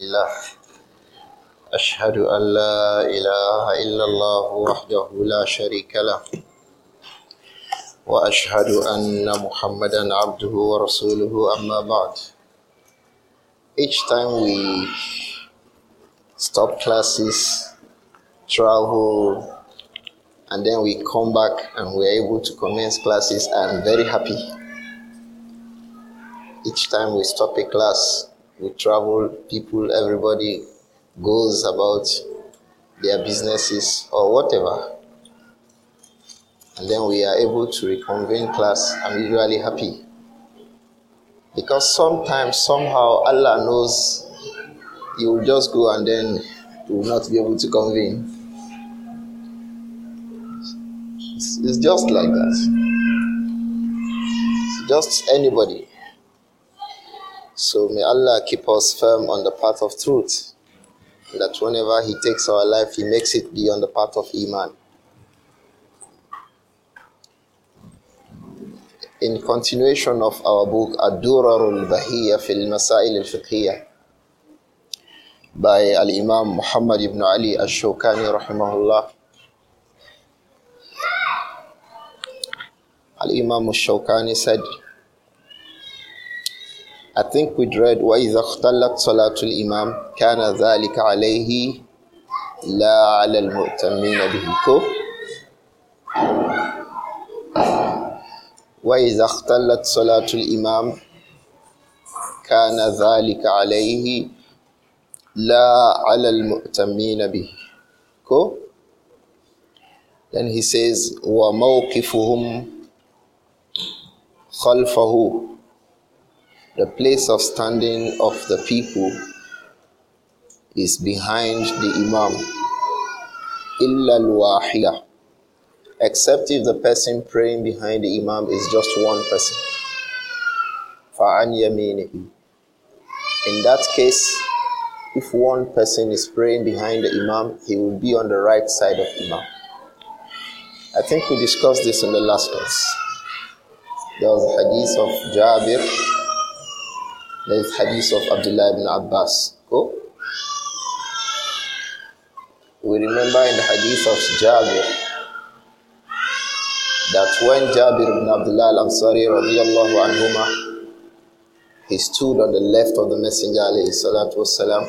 لله أشهد أن لا إله إلا الله وحده لا شريك له وأشهد أن محمدا عبده ورسوله أما بعد Each time we stop classes, travel, and then we come back and we're able to commence classes, I'm very happy. Each time we stop a class, We travel, people, everybody goes about their businesses or whatever. And then we are able to reconvene class. I'm usually happy. Because sometimes, somehow, Allah knows you will just go and then you will not be able to convene. It's, it's just like that. It's just anybody. So may Allah keep us firm on the path of truth. That whenever He takes our life, He makes it be on the path of Iman. In continuation of our book, Ad-Durarul Bahiyya fil Masail al-Fiqhiyya by Al-Imam Muhammad ibn Ali al-Shawkani rahimahullah. Al-Imam al-Shawkani said, I think we read وَإِذَا اخْتَلَّتْ صَلَاةُ الْإِمَامِ كَانَ ذَلِكَ عَلَيْهِ لَا عَلَى الْمُؤْتَمِينَ بِهِ وَإِذَا اخْتَلَّتْ صَلَاةُ الْإِمَامِ كَانَ ذَلِكَ عَلَيْهِ لَا عَلَى الْمُؤْتَمِينَ بِهِ كو Then he says وَمَوْقِفُهُمْ خَلْفَهُ the place of standing of the people is behind the Imam. Illa Except if the person praying behind the Imam is just one person. In that case, if one person is praying behind the Imam, he will be on the right side of Imam. I think we discussed this in the last class. There was a hadith of Jabir there is hadith of Abdullah ibn Abbas. Go. We remember in the hadith of Jabir that when Jabir ibn Abdullah al-Ansari radiallahu anhuma, he stood on the left of the Messenger alayhi salatu wasalam,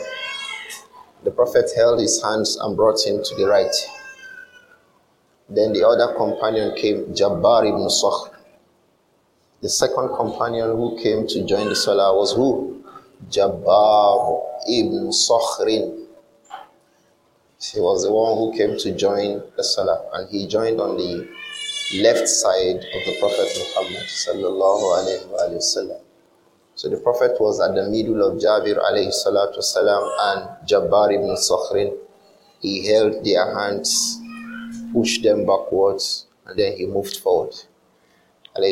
the Prophet held his hands and brought him to the right. Then the other companion came, Jabbar ibn Sakhr. The second companion who came to join the Salah was who? Jabbar ibn Sokhrin. He was the one who came to join the Salah, and he joined on the left side of the Prophet Muhammad sallallahu alaihi wasallam. So the Prophet was at the middle of Jabir alayhi salatu wasalam and Jabbar ibn Sokhrin. He held their hands, pushed them backwards, and then he moved forward. We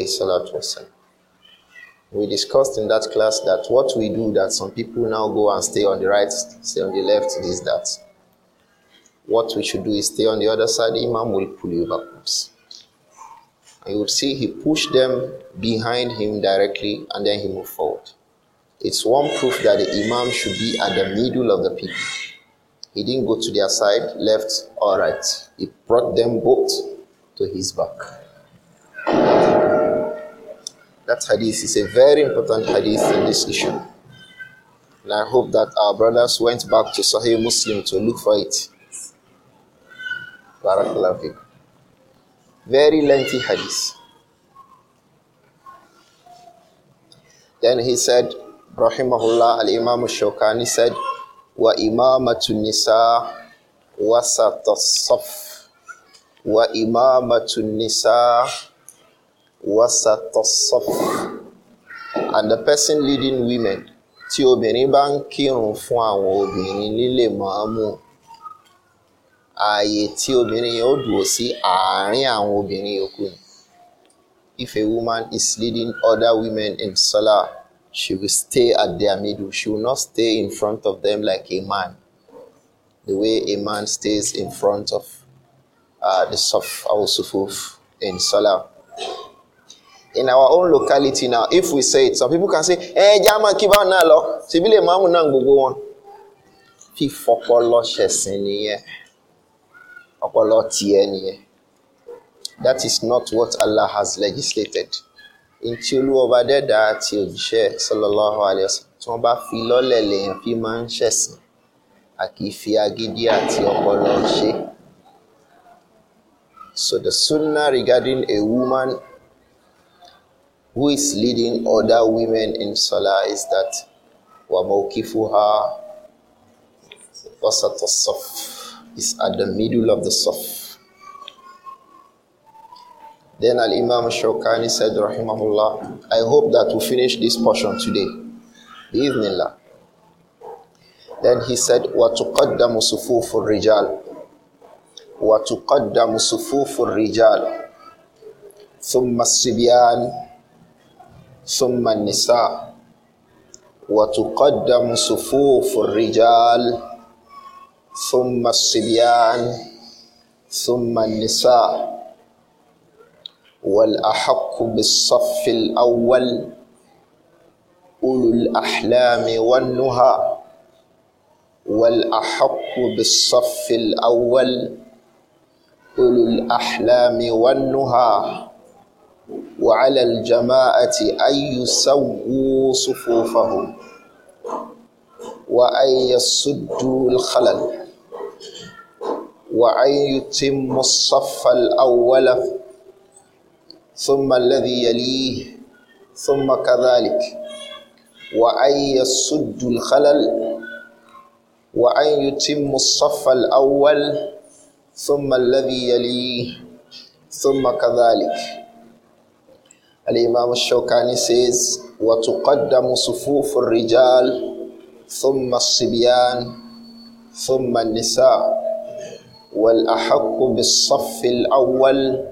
discussed in that class that what we do that some people now go and stay on the right, stay on the left, is that. What we should do is stay on the other side, Imam will pull you backwards. And you would see he pushed them behind him directly and then he moved forward. It's one proof that the Imam should be at the middle of the people. He didn't go to their side, left or right. He brought them both to his back. That hadith is a very important hadith in this issue. And I hope that our brothers went back to Sahih Muslim to look for it. Barakallahu Very lengthy hadith. Then he said, Rahimahullah al Imam Shokani said, Wa imamatu nisa wasat as-saf. Wa imamatu nisa wasatasaf and the person leading women tí obìnrin bá ń kírun fún àwọn obìnrin nílé màámù ààyè tí obìnrin yẹn ó dúró sí àárín àwọn obìnrin yòókù ni if a woman is leading other women in salah she will stay at their middle she will not stay in front of them like a man the way a man stays in front of uh, the saf or in salah. in our own locality now, if we say it, some people can say, eh, jama kiba na lo, sibile mamu na gbogbo wọn. Fífọpọlọ ṣẹ̀sìn nìyẹn. Ọpọlọ tiẹ̀ That is not what Allah has legislated. In chulu dẹ́dà àti òjíṣẹ́ sallallahu alayhi wa sallam tí wọ́n bá fi lele lèèyàn fi máa ń ṣẹ̀sìn. A kì fi agídí àti ọpọlọ ṣe. So the sunnah regarding a woman who is leading other women in Salah is that وَمَوْكِفُهَا وَسَطَ الصَّفْ is at the middle of the saf. Then Al-Imam Shawkani said, Rahimahullah, I hope that we finish this portion today. Bismillah. Then he said, وَتُقَدَّمُ صُفُوفُ الرِّجَالِ وَتُقَدَّمُ صُفُوفُ الرِّجَالِ ثُمَّ الصِّبْيَانِ ثم النساء وتقدم صفوف الرجال ثم الصبيان ثم النساء والأحق بالصف الأول أولو الأحلام والنهى والأحق بالصف الأول أولو الأحلام والنهى وعلى الجماعة أن يسووا صفوفهم وأن يسدوا الخلل وأن يتموا الصف الأول ثم الذي يليه ثم كذلك وأن يسدوا الخلل وأن يتموا الصف الأول ثم الذي يليه ثم كذلك الإمام الشوكاني says, وَتُقَدَّمُ صُفُوفُ الرِّجَالِ ثُمَّ الصِّبْيَانِ ثُمَّ النِّسَاءِ وَالْأَحَقُّ بِالصَّفِّ الْأَوَّلِ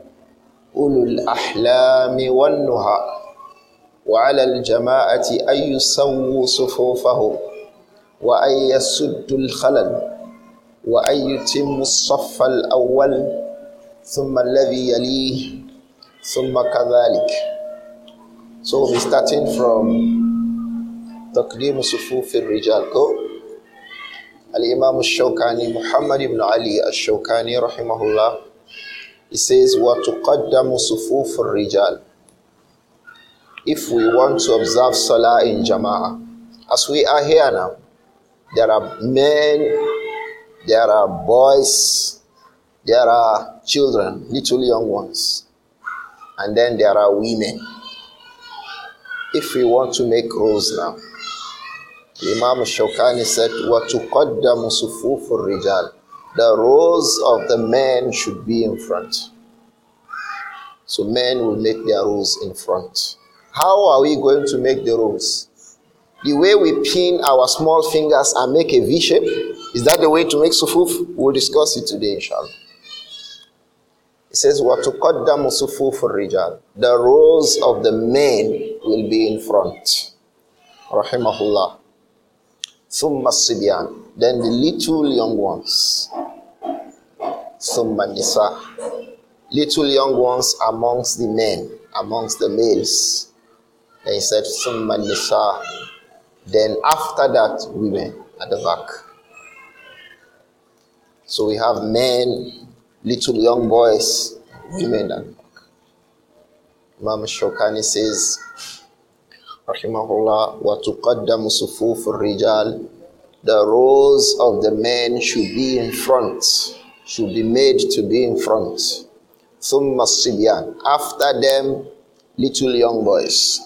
أُولُو الْأَحْلَامِ وَالنُّهَى وعلى الجماعة أن يسووا صفوفهم وأن يسدوا الخلل وأن يتموا الصف الأول ثم الذي يليه ثم كذلك So we'll be starting from Taqdeem Sufuf al-Rijal Ko. Al-Imam al-Shawkani, Muhammad ibn Ali al-Shawkani rahimahullah, he says, وَتُقَدَّمُ صُفُوفُ الرِّجَالِ If we want to observe Salah in Jama'ah, as we are here now, there are men, there are boys, there are children, little young ones, and then there are women if we want to make rules now. Imam Shawkani said, وَتُقَدَّمُ صُفُوفُ الرِّجَالِ The rules of the men should be in front. So men will make their rules in front. How are we going to make the rules? The way we pin our small fingers and make a V shape? Is that the way to make sufuf? We'll discuss it today, inshallah. It says, وَتُقَدَّمُ صُفُوفُ الرِّجَالِ The rows of the men will be in front. Rahimahullah. ثُمَّ الصِّبْيَانِ Then the little young ones. ثُمَّ النِّسَاءِ Little young ones amongst the men, amongst the males. Then he said, ثُمَّ النِّسَاءِ Then after that, women at the back. So we have men, little young boys, women, and Imam Shokani says, Rahimahullah, wa tuqaddamu sufuf rijal The rows of the men should be in front, should be made to be in front. Some sibyan. After them, little young boys.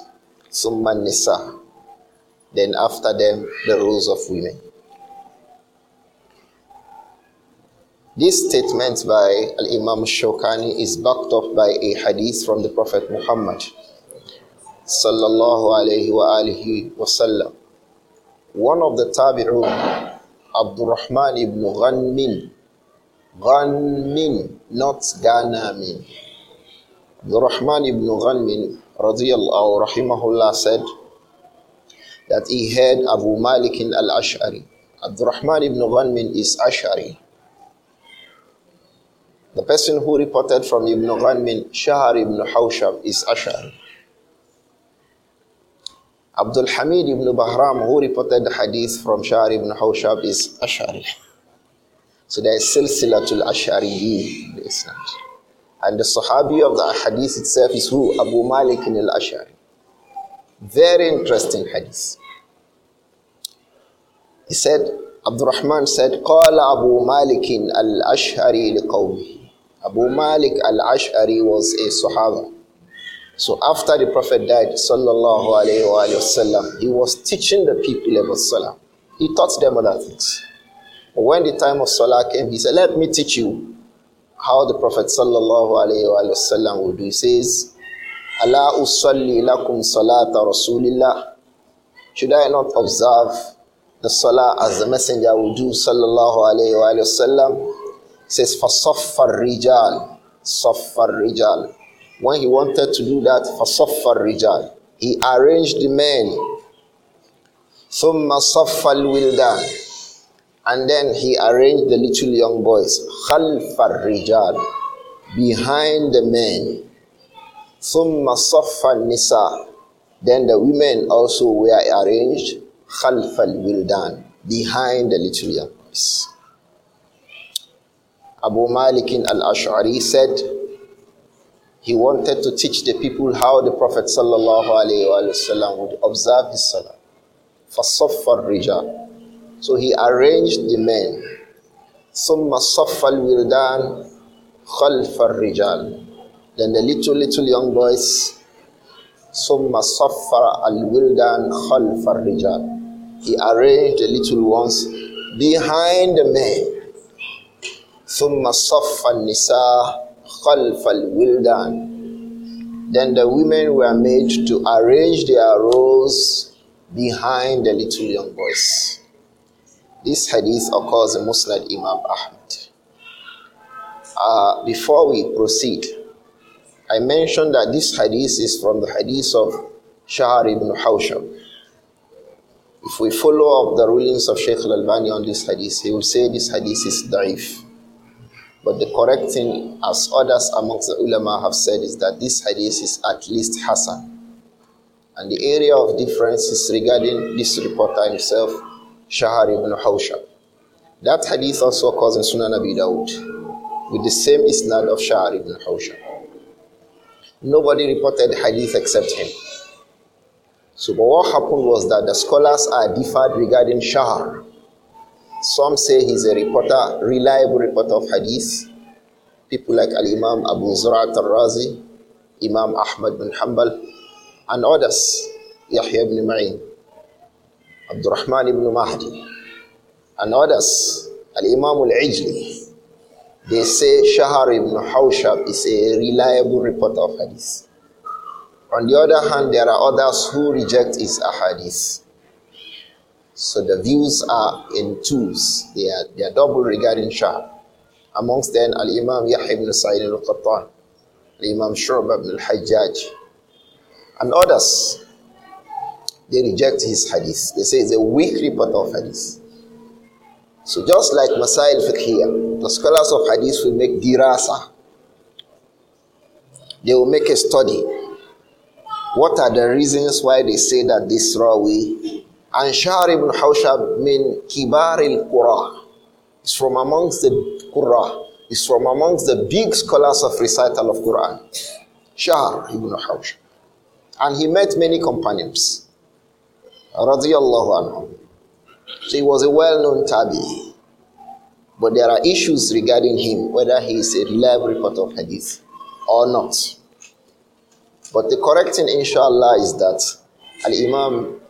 Thumma nisa. Then after them, the rows of women. This statement by Al Imam Shawkani is backed up by a hadith from the Prophet Muhammad sallallahu alayhi wa alihi wasallam. One of the tabi'un, Abdurrahman ibn Ghanmin, Ghanmin, not Ghanamin. Abdurrahman ibn Ghanmin radiyallahu rahimahullah said that he heard Abu Malik al-Ash'ari. Abdurrahman ibn Ghanmin is Ash'ari the person who reported from Ibn Ghanmin, Shahar ibn Hawsham, is Ash'ari. Abdul Hamid ibn Bahram, who reported the hadith from Shahar ibn Hawshab, is Ash'ari. So there is Silsilatul Ash'ariyin, the Isnad. And the Sahabi of the hadith itself is who? Abu Malik al Ash'ari. Very interesting hadith. He said, Abdul Rahman said, قال أبو مالك الأشهري لقومه Abu Malik al-Ash'ari was a Sahaba. So after the Prophet died, sallallahu alayhi wa sallam, he was teaching the people about Salah. He taught them other things. When the time of Salah came, he said, let me teach you how the Prophet sallallahu alayhi wa sallam would do. He says, Allah usalli lakum salata rasulillah. Should I not observe the Salah as the Messenger would do sallallahu alayhi wa sallam? says, Fasaffar Rijal. Saffar Rijal. When he wanted to do that, Fasaffar Rijal. He arranged the men. ثم صف wildan, and then he arranged the little young boys خلف rijal behind the men ثم صف then the women also were arranged خلف الولدان behind the little young boys Abu Malik al-Ash'ari said he wanted to teach the people how the Prophet would observe his salah. فَصَفَّ rijal. So he arranged the men. ثُمَّ صَفَّ الْوِلْدَانِ خَلْفَ الرِّجَالِ Then the little, little young boys ثُمَّ صَفَّ الْوِلْدَانِ خَلْفَ الرِّجَالِ He arranged the little ones behind the men. ثم صف النساء خلف الولدان then the women were made to arrange their rows behind the little young boys. This hadith occurs in Musnad Imam Ahmad. Uh, before we proceed, I mentioned that this hadith is from the hadith of Shahar ibn Hawsham. If we follow up the rulings of Sheikh Al-Albani on this hadith, he will say this hadith is da'if. But the correct thing, as others amongst the ulama have said, is that this hadith is at least Hassan. And the area of difference is regarding this reporter himself, Shahar ibn Hawshab. That hadith also occurs in Sunan Abi Dawud with the same isnad of Shahar ibn Hawshab. Nobody reported hadith except him. So, but what happened was that the scholars are differed regarding Shahar. Some say he's a reporter, reliable reporter of hadith. People like Al Imam Abu Zura'at al Razi, Imam Ahmad bin Hanbal, and others, Yahya ibn Ma'in, Abdurrahman ibn Mahdi, and others, Al Imam al Ijli. They say Shahar ibn Hawshab is a reliable reporter of hadith. On the other hand, there are others who reject his ahadith. So the views are in twos. They are, they are double regarding Shah. Amongst them, Al Imam Yahya ibn Sa'id al Qattan, Al Imam Shurba ibn al Hajjaj, and others. They reject his hadith. They say it's a weak report of hadith. So just like Masail Fiqhiyah, the scholars of hadith will make dirasa. They will make a study. What are the reasons why they say that this rawi and Shahr ibn Hawshab min Kibar al Qur'an. It's from amongst the Qur'an. It's from amongst the big scholars of recital of Qur'an. Shahr ibn Hawshab. And he met many companions. Radiallahu anhum. So he was a well known tabi. But there are issues regarding him, whether he is a reliable reporter of hadith or not. But the correct thing, inshallah, is that Al Imam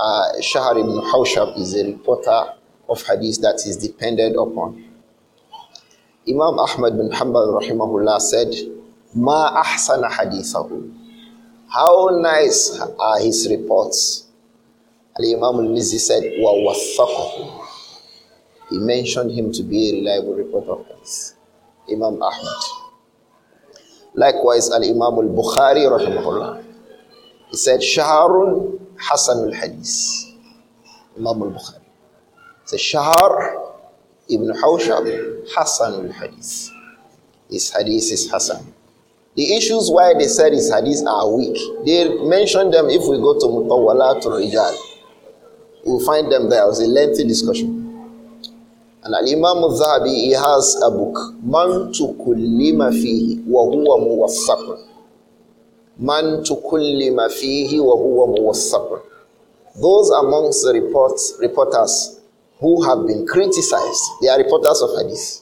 uh, Shahar ibn Hawshab is a reporter of hadith that is depended upon. Imam Ahmad bin Hanbal rahimahullah said, Ma ahsana hadithahu. How nice are his reports. al Imam al-Mizzi said, Wa He mentioned him to be a reliable reporter of hadith. Imam Ahmad. Likewise, Al-Imam al-Bukhari rahimahullah. He said, Shaharun Hassanul Hadith, Imam al Bukhari. The Shahar Ibn Hawshab, al Hadith. His hadith is Hassan. The issues why they said his hadith are weak, they mention them if we go to Mutawallatul to Rijal. We'll find them there. It was a lengthy discussion. And Al Imam al Zahabi, he has a book, Man Tukullima Fihi, Wa Huwa Muwassakun. Man to kulli mafihi wa huwa muwassab. Those amongst the reports, reporters who have been criticized, they are reporters of hadith,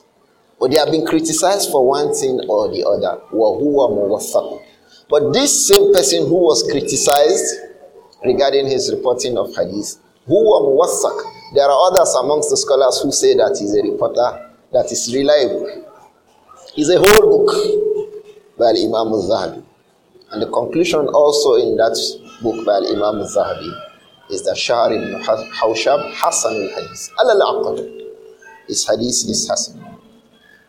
but they have been criticized for one thing or the other. Wa huwa muwassab. But this same person who was criticized regarding his reporting of hadith, huwa muwassaq. There are others amongst the scholars who say that he's a reporter that is reliable. He's a whole book by Imam al-Zahabi. And the conclusion also in that book by Imam Zahabi is that Shahr ibn Hawshab Hassan al-Hadith. Al-Aqad. His hadith is Hassan.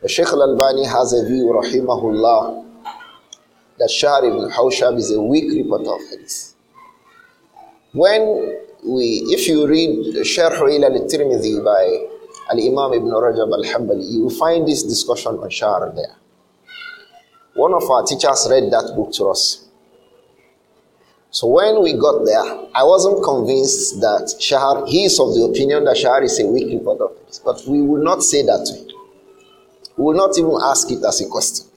The Sheikh al-Albani has a view, rahimahullah, that Shahr ibn Hawshab is a weak reporter of hadith. When we, if you read Sharh ila al-Tirmidhi by Al-Imam ibn Rajab al-Hanbali, you will find this discussion on Shahr there. One of our teachers read that book to us. So when we got there, I wasn't convinced that Shahar, he is of the opinion that Shahar is a weak report of but we will not say that to him. We will not even ask it as a question.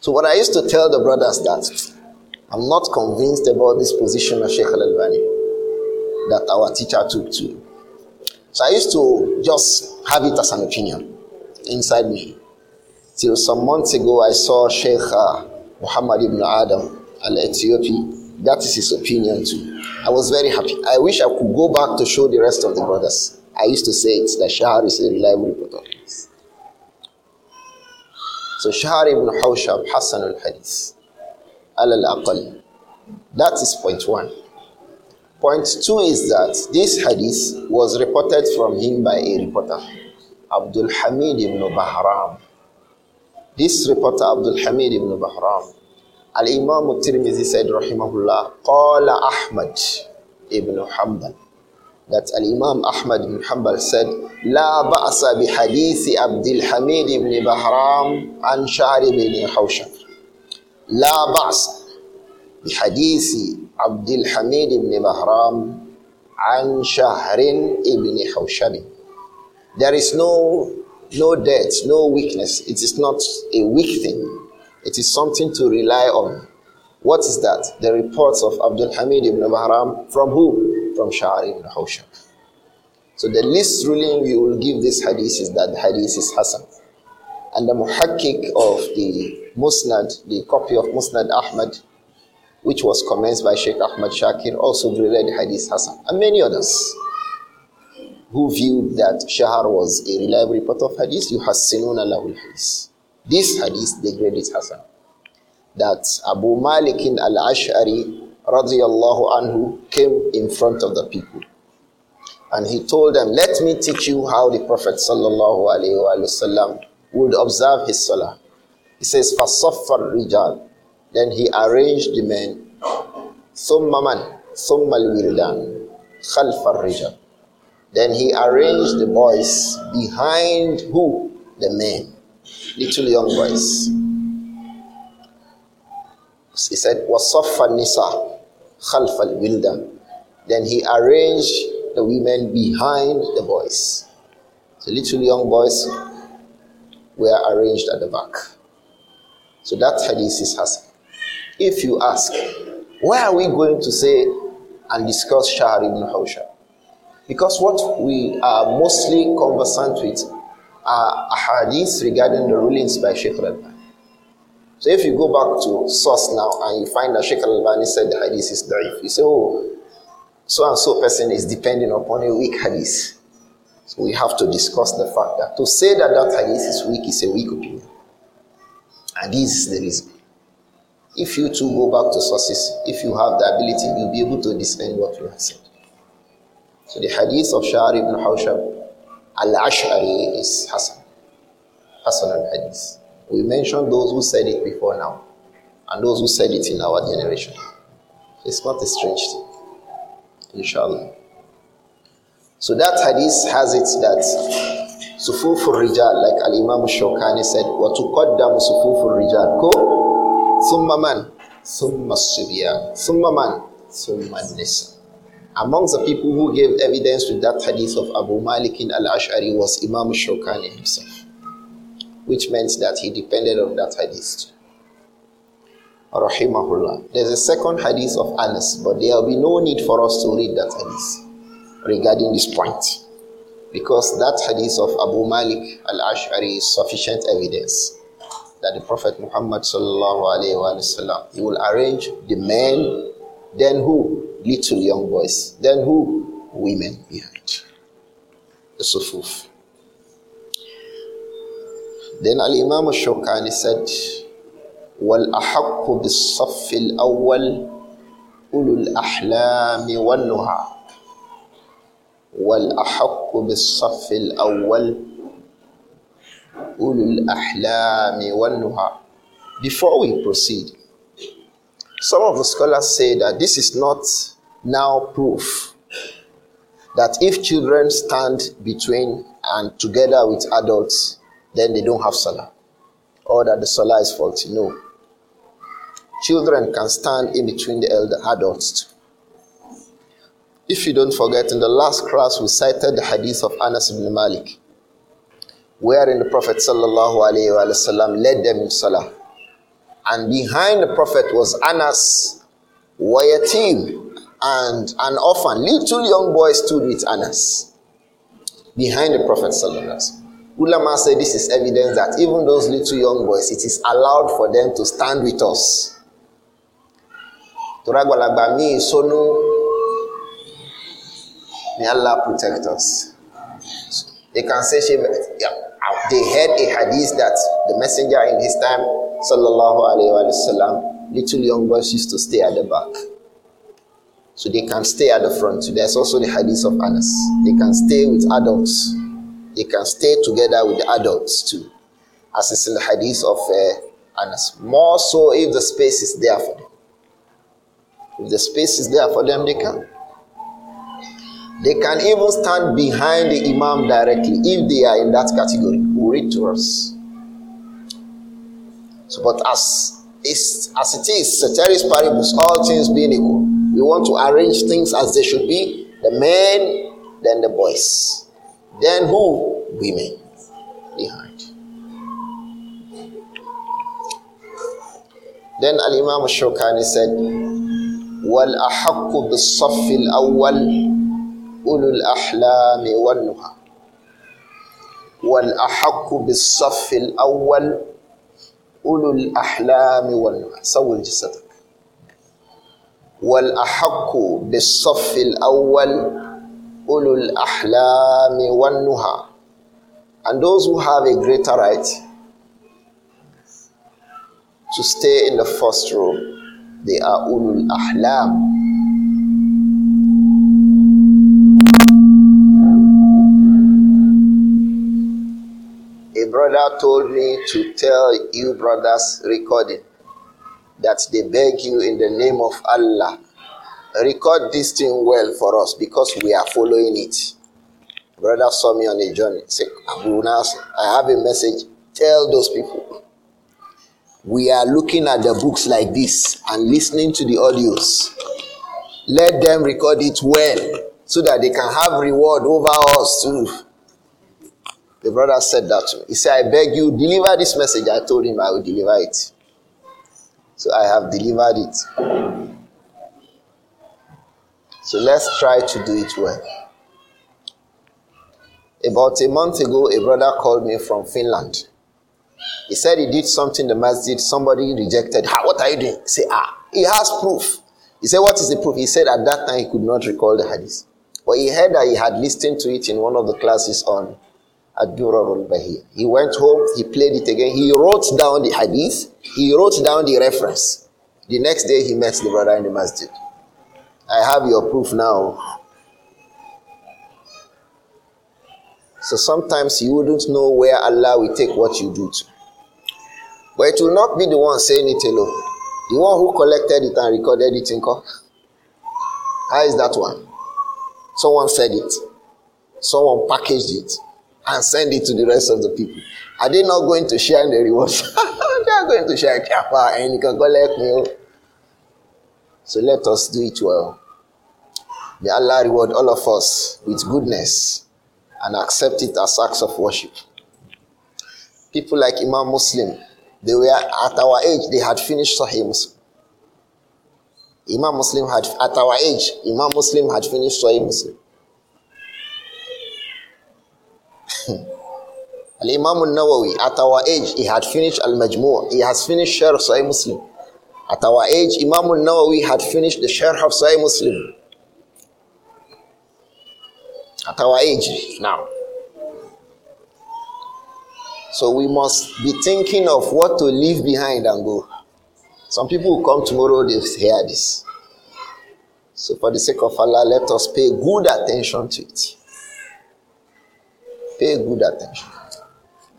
So what I used to tell the brothers that I'm not convinced about this position of Sheikh Al-Albani that our teacher took to. So I used to just have it as an opinion inside me. Till some months ago, I saw Sheikh uh, Muhammad ibn Adam al That That is his opinion too. I was very happy. I wish I could go back to show the rest of the brothers. I used to say it that Shahar is a reliable reporter. So Shahar ibn Hawshab, Hassan al Hadith, al al Aqal. That is point one. Point two is that this hadith was reported from him by a reporter, Abdul Hamid ibn Bahram. This reporter, Abdul Hamid ibn Bahram, Al Imam al Tirmizi said, Rahimahullah, Qala Ahmad ibn Hanbal. That Al Imam Ahmad ibn Hanbal said, La ba'asa bi hadithi Abdul Hamid ibn Bahram an Shari ibn Hawsham. La ba'asa bi hadithi Abdul Hamid ibn Bahram an Shahrin ibn Hawsham. There is no no debt, no weakness. It is not a weak thing, it is something to rely on. What is that? The reports of Abdul Hamid ibn Mahram from who? From Sha'ari ibn Hawshab. So the least ruling we will give this hadith is that the hadith is Hasan. And the muhakkik of the Musnad, the copy of Musnad Ahmad, which was commenced by Sheikh Ahmad Shakir, also graded hadith Hasan, and many others who viewed that Shahar was a reliable report of hadith, You yuhassinuna lahul hadith. This hadith degraded Hassan. That Abu Malik al-Ash'ari radiyallahu anhu came in front of the people. And he told them, let me teach you how the Prophet sallallahu alayhi wa would observe his salah. He says, فَصَفَّ rijal. Then he arranged the men, ثُمَّ مَنْ ثُمَّ الْوِلْدَانِ خَلْفَ الرِّجَالِ then he arranged the boys behind who? The men. Little young boys. He said, وَصَفَّ النِّسَى خَلْفَ الْوِلْدَانِ Then he arranged the women behind the boys. The little young boys were arranged at the back. So that hadith is Hassan. If you ask, why are we going to say and discuss Shahr ibn Hawshab? Because what we are mostly conversant with are ahadith regarding the rulings by Sheikh Al-Albani. So if you go back to source now and you find that Sheikh Al-Albani said the hadith is da'if, you say, oh, so and so person is depending upon a weak hadith. So we have to discuss the fact that to say that that hadith is weak is a weak opinion. And this is the reason. If you too go back to sources, if you have the ability, you'll be able to discern what you are saying. So the hadith of Shari ibn Hawshab al-Ash'ari is Hassan. Hassan al-Hadith. We mentioned those who said it before now and those who said it in our generation. It's not a strange thing. Inshallah. So that hadith has it that Sufuf al-Rijal, like Al-Imam Shokani said, وَتُقَدَّمُ سُفُوفُ الرِّجَال Go, ثُمَّ مَنْ ثُمَّ الصِّبْيَانِ ثُمَّ مَنْ ثُمَّ nisa. Amongst the people who gave evidence to that hadith of Abu Malik al-Ash'ari was Imam Shokani himself, which meant that he depended on that hadith. Rahimahullah. There's a second hadith of Anas, but there will be no need for us to read that hadith regarding this point, because that hadith of Abu Malik al-Ash'ari is sufficient evidence that the Prophet Muhammad sallallahu alaihi wasallam he will arrange the men then who? Little young boys. Then who? Women behind. so Sufuf. Then Al Imam Shokani said, وَالْأَحَقُّ بِالصَّفِّ الْأَوَّلِ أُولُو الْأَحْلَامِ وَالنُّهَى وَالْأَحَقُّ بِالصَّفِّ الْأَوَّلِ أُولُو الْأَحْلَامِ nuha. Before we proceed, some of the scholars say that this is not now proof that if children stand between and together with adults, then they don't have salah, or that the salah is faulty. No. Children can stand in between the elder adults. If you don't forget, in the last class we cited the hadith of Anas ibn Malik, wherein the Prophet sallallahu alaihi wasallam led them in salah. And behind the Prophet was Anas, Wayatim, and an orphan. Little young boy stood with Anas behind the Prophet. Ulama said this is evidence that even those little young boys, it is allowed for them to stand with us. sonu. May Allah protect us. They can say, yeah. They heard a hadith that the messenger in his time, sallallahu alayhi wa sallam, little young boys used to stay at the back. So they can stay at the front. So there's also the hadith of Anas. They can stay with adults. They can stay together with the adults too. As it's in the hadith of uh, Anas. More so if the space is there for them. If the space is there for them, they can. They can even stand behind the Imam directly if they are in that category. We'll read to us. So, but as, as it is, ceteris paribus, all things being equal, we want to arrange things as they should be the men, then the boys, then who? Women behind. Then Al Imam Shokani said, the بِالصَّفِّ الْأَوَّلِ أولو الأحلام والنهى والأحق بالصف الأول أولو الأحلام والنهى سول جسدك والأحق بالصف الأول أولو الأحلام والنهى and those who have a greater right to stay in the first row they are أولو الأحلام brother told me to tell you brothers recording that they beg you in the name of Allah, record this thing well for us because we are following it. Brother saw me on a journey. Say, I have a message. Tell those people. We are looking at the books like this and listening to the audios. Let them record it well so that they can have reward over us too. The brother said that to me. He said, I beg you, deliver this message. I told him I will deliver it. So I have delivered it. So let's try to do it well. About a month ago, a brother called me from Finland. He said he did something the masjid, somebody rejected. Ah, what are you doing? Say, ah, he has proof. He said, What is the proof? He said at that time he could not recall the hadith. But he heard that he had listened to it in one of the classes on ad al He went home, he played it again, he wrote down the hadith, he wrote down the reference. The next day he met the brother in the masjid. I have your proof now. So sometimes you wouldn't know where Allah will take what you do to. But it will not be the one saying it alone. The one who collected it and recorded it in court. How is that one? Someone said it. Someone packaged it and send it to the rest of the people. Are they not going to share the rewards? they are going to share Kappa and you can collect me. So let us do it well. May Allah reward all of us with goodness and accept it as acts of worship. People like Imam Muslim, they were at our age, they had finished Sahih Muslim. Imam Muslim had, at our age, Imam Muslim had finished Sahih Muslim. Al Imam al Nawawi, at our age, he had finished Al Majmu', he has finished Sharh Sahih Muslim. At our age, Imam al Nawawi had finished the Sharh of Sahih Muslim. At our age now. So we must be thinking of what to leave behind and go. Some people will come tomorrow, they hear this. So, for the sake of Allah, let us pay good attention to it. Pay good attention.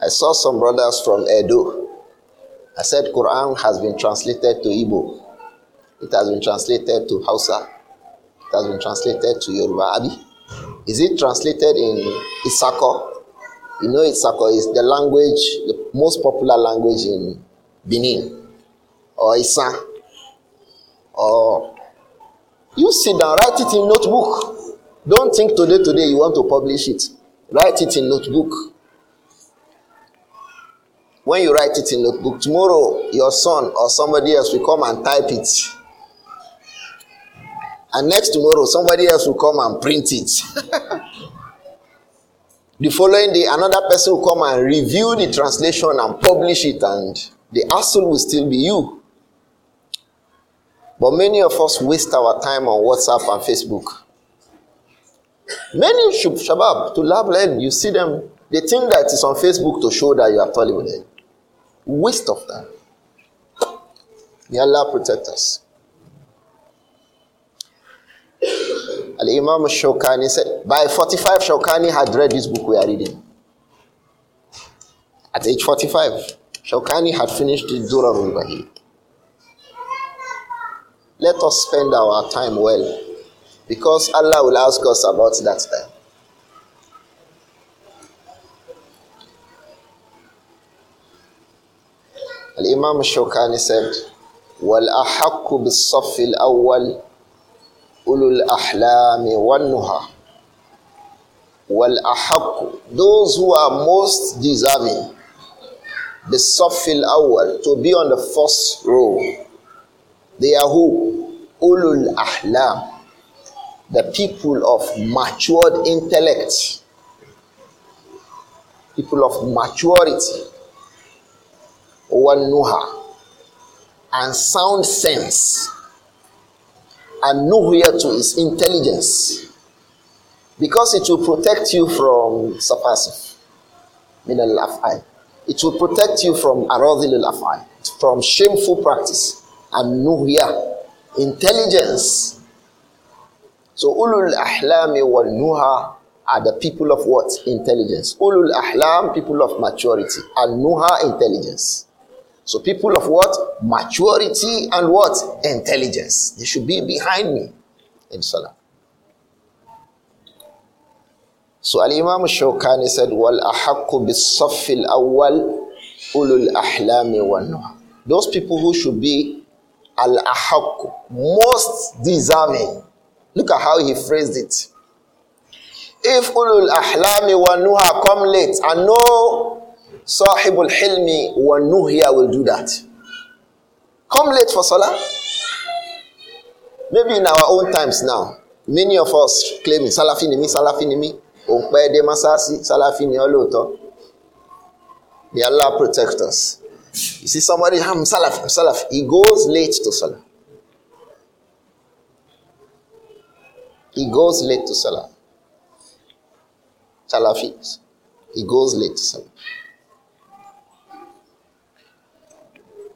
I saw some brothers from Edo. I said Quran has been translated to Igbo. It has been translated to Hausa. It has been translated to Yoruba. Abi, is it translated in Isako? You know, Isako is the language, the most popular language in Benin, or Isa, or you sit down, write it in notebook. Don't think today, today you want to publish it. Write it in notebook. When you write it in the book tomorrow your son or somebody else will come and type it. And next tomorrow, somebody else will come and print it. the following day, another person will come and review the translation and publish it, and the asshole will still be you. But many of us waste our time on WhatsApp and Facebook. Many shabab to love land. you see them, they think that it's on Facebook to show that you are them. Waste of time. May Allah protect us. Al Imam Shawkani said, by 45, Shawkani had read this book we are reading. At age 45, Shawkani had finished the Durarul Bahid. Let us spend our time well because Allah will ask us about that time. Imam Shawkani said, Wal ahakku bis safil awwal ulul ahlami wal nuha. Wal ahakku, those who are most deserving, bis safil awwal, to be on the first row. They are who? Ulul ahlam, the people of matured intellect, people of maturity وَالنُّهَى and sound sense. And nuhya to is intelligence. Because it will protect you from surpassing. Min al It will protect you from aradhil al from shameful practice. And nuhya, intelligence. So ulul ahlami wal nuha are the people of what? Intelligence. Ulul ahlam, people of maturity. And nuha, intelligence. So people of what? Maturity and what? Intelligence. They should be behind me in Salah. So Al-Imam Shawkani said, وَالْأَحَقُّ بِالصَّفِّ الْأَوَّلِ أُولُو الْأَحْلَامِ وَالنُّهَى Those people who should be al-ahakku, most deserving. Look at how he phrased it. If ulul ahlami wa nuha come late and no Sahibul Hilmi wa Nuhya will do that. Come late for Salah. Maybe in our own times now, many of us claiming Salafi ni mi, Salafi Masasi, Oloto. May Allah protect us. You see somebody, I'm hmm, salaf. I'm He goes late to Salah. He goes late to Salah. Salafis. He goes late to Salah.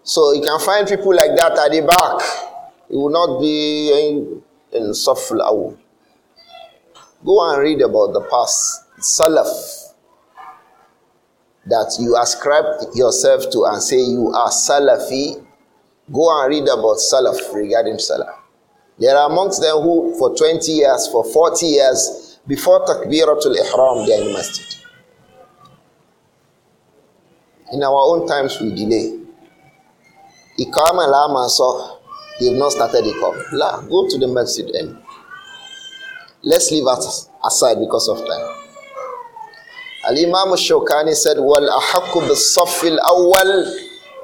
So you can find people like that at the back. It will not be in, in Go and read about the past Salaf that you ascribe yourself to and say you are Salafi. Go and read about Salaf regarding Salaf. There are amongst them who, for 20 years, for 40 years, before Takbiratul Ihram, they are in masjid. In our own times, we delay. Ikama la Mansor. They've not started Ikama. La, go to the mercy and let's leave that aside because of time. Al-Imam Shawkani said, Wal ahakku bisafil awwal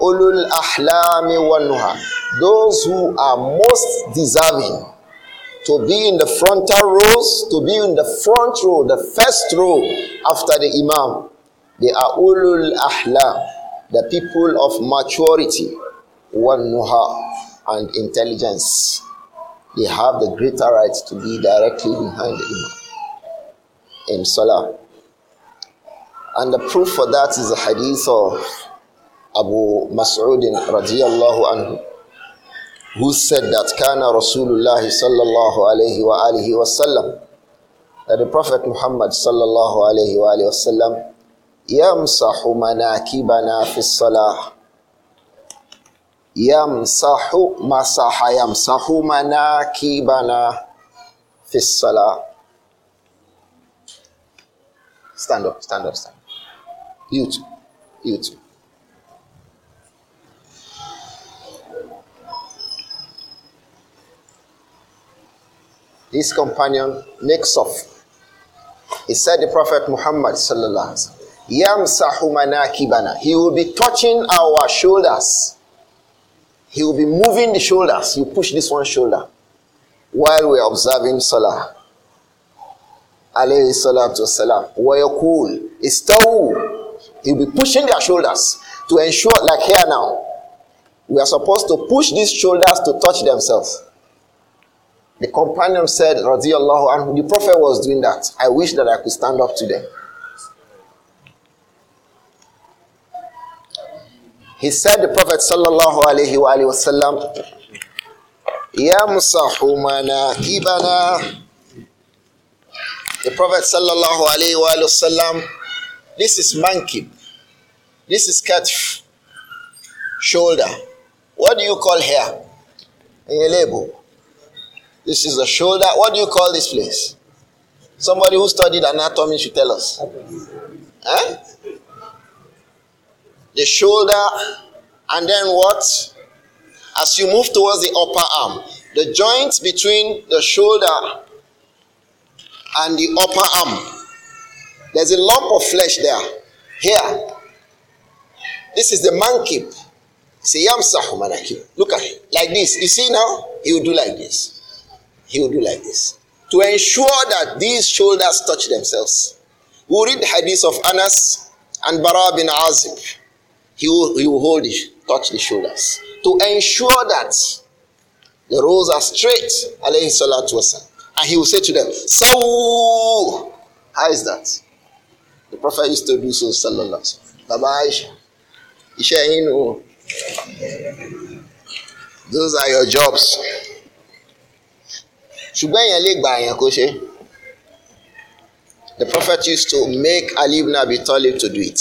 ulul ahlami wanuha. Those who are most deserving to be in the frontal rows, to be in the front row, the first row after the Imam, they are ulul ahlam, the people of maturity, one والنهى and intelligence. They have the greater right to be directly behind the Imam in Salah. And the proof for that is the hadith of Abu Mas'ud radiyallahu anhu who said that kana Rasulullah sallallahu alayhi wa alihi wasallam that the Prophet Muhammad sallallahu alayhi wa alihi wasallam yamsahu manakibana fi salah yamsahu masaha yamsahu manakibana fi al-sala. Stand up, stand up, stand up. You too, you too. This companion makes off. He said the Prophet Muhammad sallallahu alaihi wasallam, "Yamsahu manakibana." He will be touching our shoulders. He will be moving the shoulders. You push this one shoulder while we are observing Salah. Alayhi salatu wasalam. cool. yakul. Istawu. He'll be pushing their shoulders to ensure, like here now, we are supposed to push these shoulders to touch themselves. The companion said, Radiallahu anhu, the Prophet was doing that. I wish that I could stand up to them. He said, the Prophet sallallahu alayhi wa alayhi wasallam, يَمْسَحُ مَنَائِبَنَا The Prophet sallallahu alayhi wa alayhi wasallam, this is mankib. This is katif. Shoulder. What do you call here? In your label. This is the shoulder. What do you call this place? Somebody who studied anatomy should tell us. Huh? the shoulder, and then what? As you move towards the upper arm, the joint between the shoulder and the upper arm, there's a lump of flesh there. Here. This is the mankip. See, yamsahu manakib. Look at him. Like this. You see now? He will do like this. He will do like this. To ensure that these shoulders touch themselves. We read hadith of Anas and Bara bin Azib. He will, he will hold the, touch the shoulders to ensure that the rows are straight, alayhi salatu wasalam. And he will say to them, So, how is that? The Prophet used to do so, sallallahu Baba Aisha, Isha, those are your jobs the prophet used to make ali ibn abi talib to do it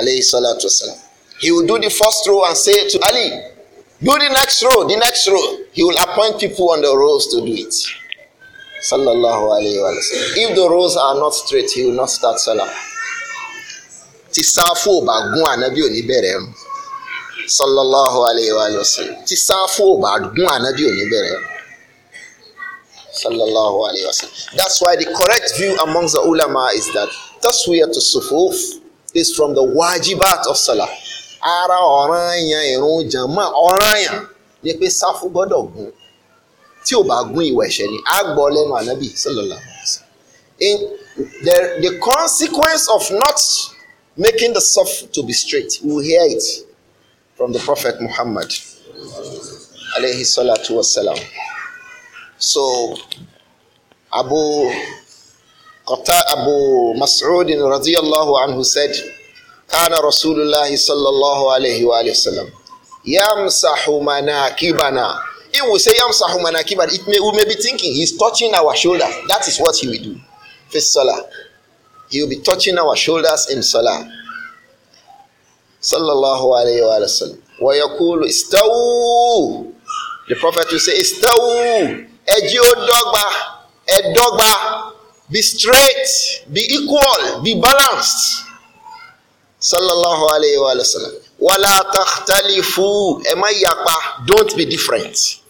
alayhi salatu wasalam. He will do the first row and say to Ali, do the next row, the next row. He will appoint people on the rows to do it. Sallallahu alayhi wa If the rows are not straight, he will not start salah. Tí sáfù ò bá gún ànábì ò bẹ̀rẹ̀ mu. Sallallahu alayhi wa sallam. Tí sáfù ò bá gún ànábì ò bẹ̀rẹ̀ mu. Sallallahu alayhi wa sallam. That's why the correct view amongst the ulama is that taswiyatul sufuf is from the wajibat of salah ara ọ̀ràn yẹn ìrun jàmá ọ̀ràn yẹn ni pé sáfù gbọ́dọ̀ gún tí ò bá gún ìwà ẹ̀ṣẹ̀ ni á gbọ́ lẹ́nu ànábì sallallahu in the the consequence of not making the saf to be straight we will hear it from the prophet muhammad alayhi salatu wasalam so abu. Abu Mas'ud radiyallahu anhu said, Kana Rasulullah sallallahu alayhi wa sallam, Yamsahu manakibana. He will say, Yamsahu manakibana. It may, we may be thinking he's touching our shoulder. That is what he will do. First salah. He will be touching our shoulders in salah. Sallallahu alayhi wa sallam. Wa yakulu istawu. The Prophet will say, Istawu. Ẹ ó dọ́gba. Ẹ dọ́gba be straight, be equal, be balanced. Sallallahu alayhi wa sallam. Wala takhtalifu, ẹ má yapa, don't be different.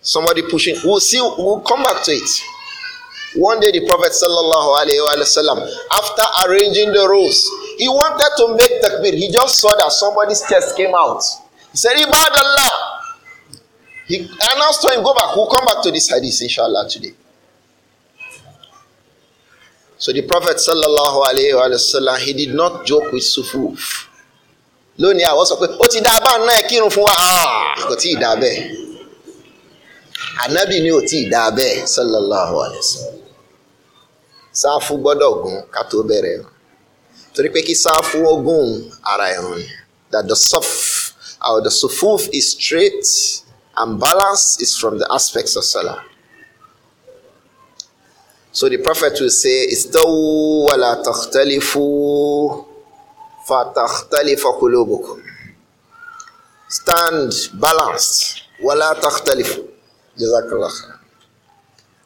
Somebody pushing, we'll see, we'll come back to it. One day the Prophet sallallahu alayhi wa sallam, after arranging the rules, he wanted to make takbir. He just saw that somebody's chest came out. He said, "Ibadallah." He announced to him, go back, we'll come back to this hadith inshallah today. So the Prophet sallallahu alayhi wa sallam he did not joke with sufuf. Lónìí àwọn sọ pé ó ti dáa báwọn náà kírun fún wa ah, kò tí ì dáa bẹ́ẹ̀. Ànábì ni ò tí ì dáa bẹ́ẹ̀ sallallahu alayhi wa sallam. Sáfù gbọ́dọ̀ gùn ká tó bẹ̀rẹ̀ o. Torí pé kí sáfù ogún ara ẹ̀rùn that the suf or the sufuf is straight and balance is from the aspects of salah. So the Prophet will say, Istawu wa la takhtalifu fatakhtalifa kulubukum. Stand balanced. Wa la takhtalifu. Jazakallah.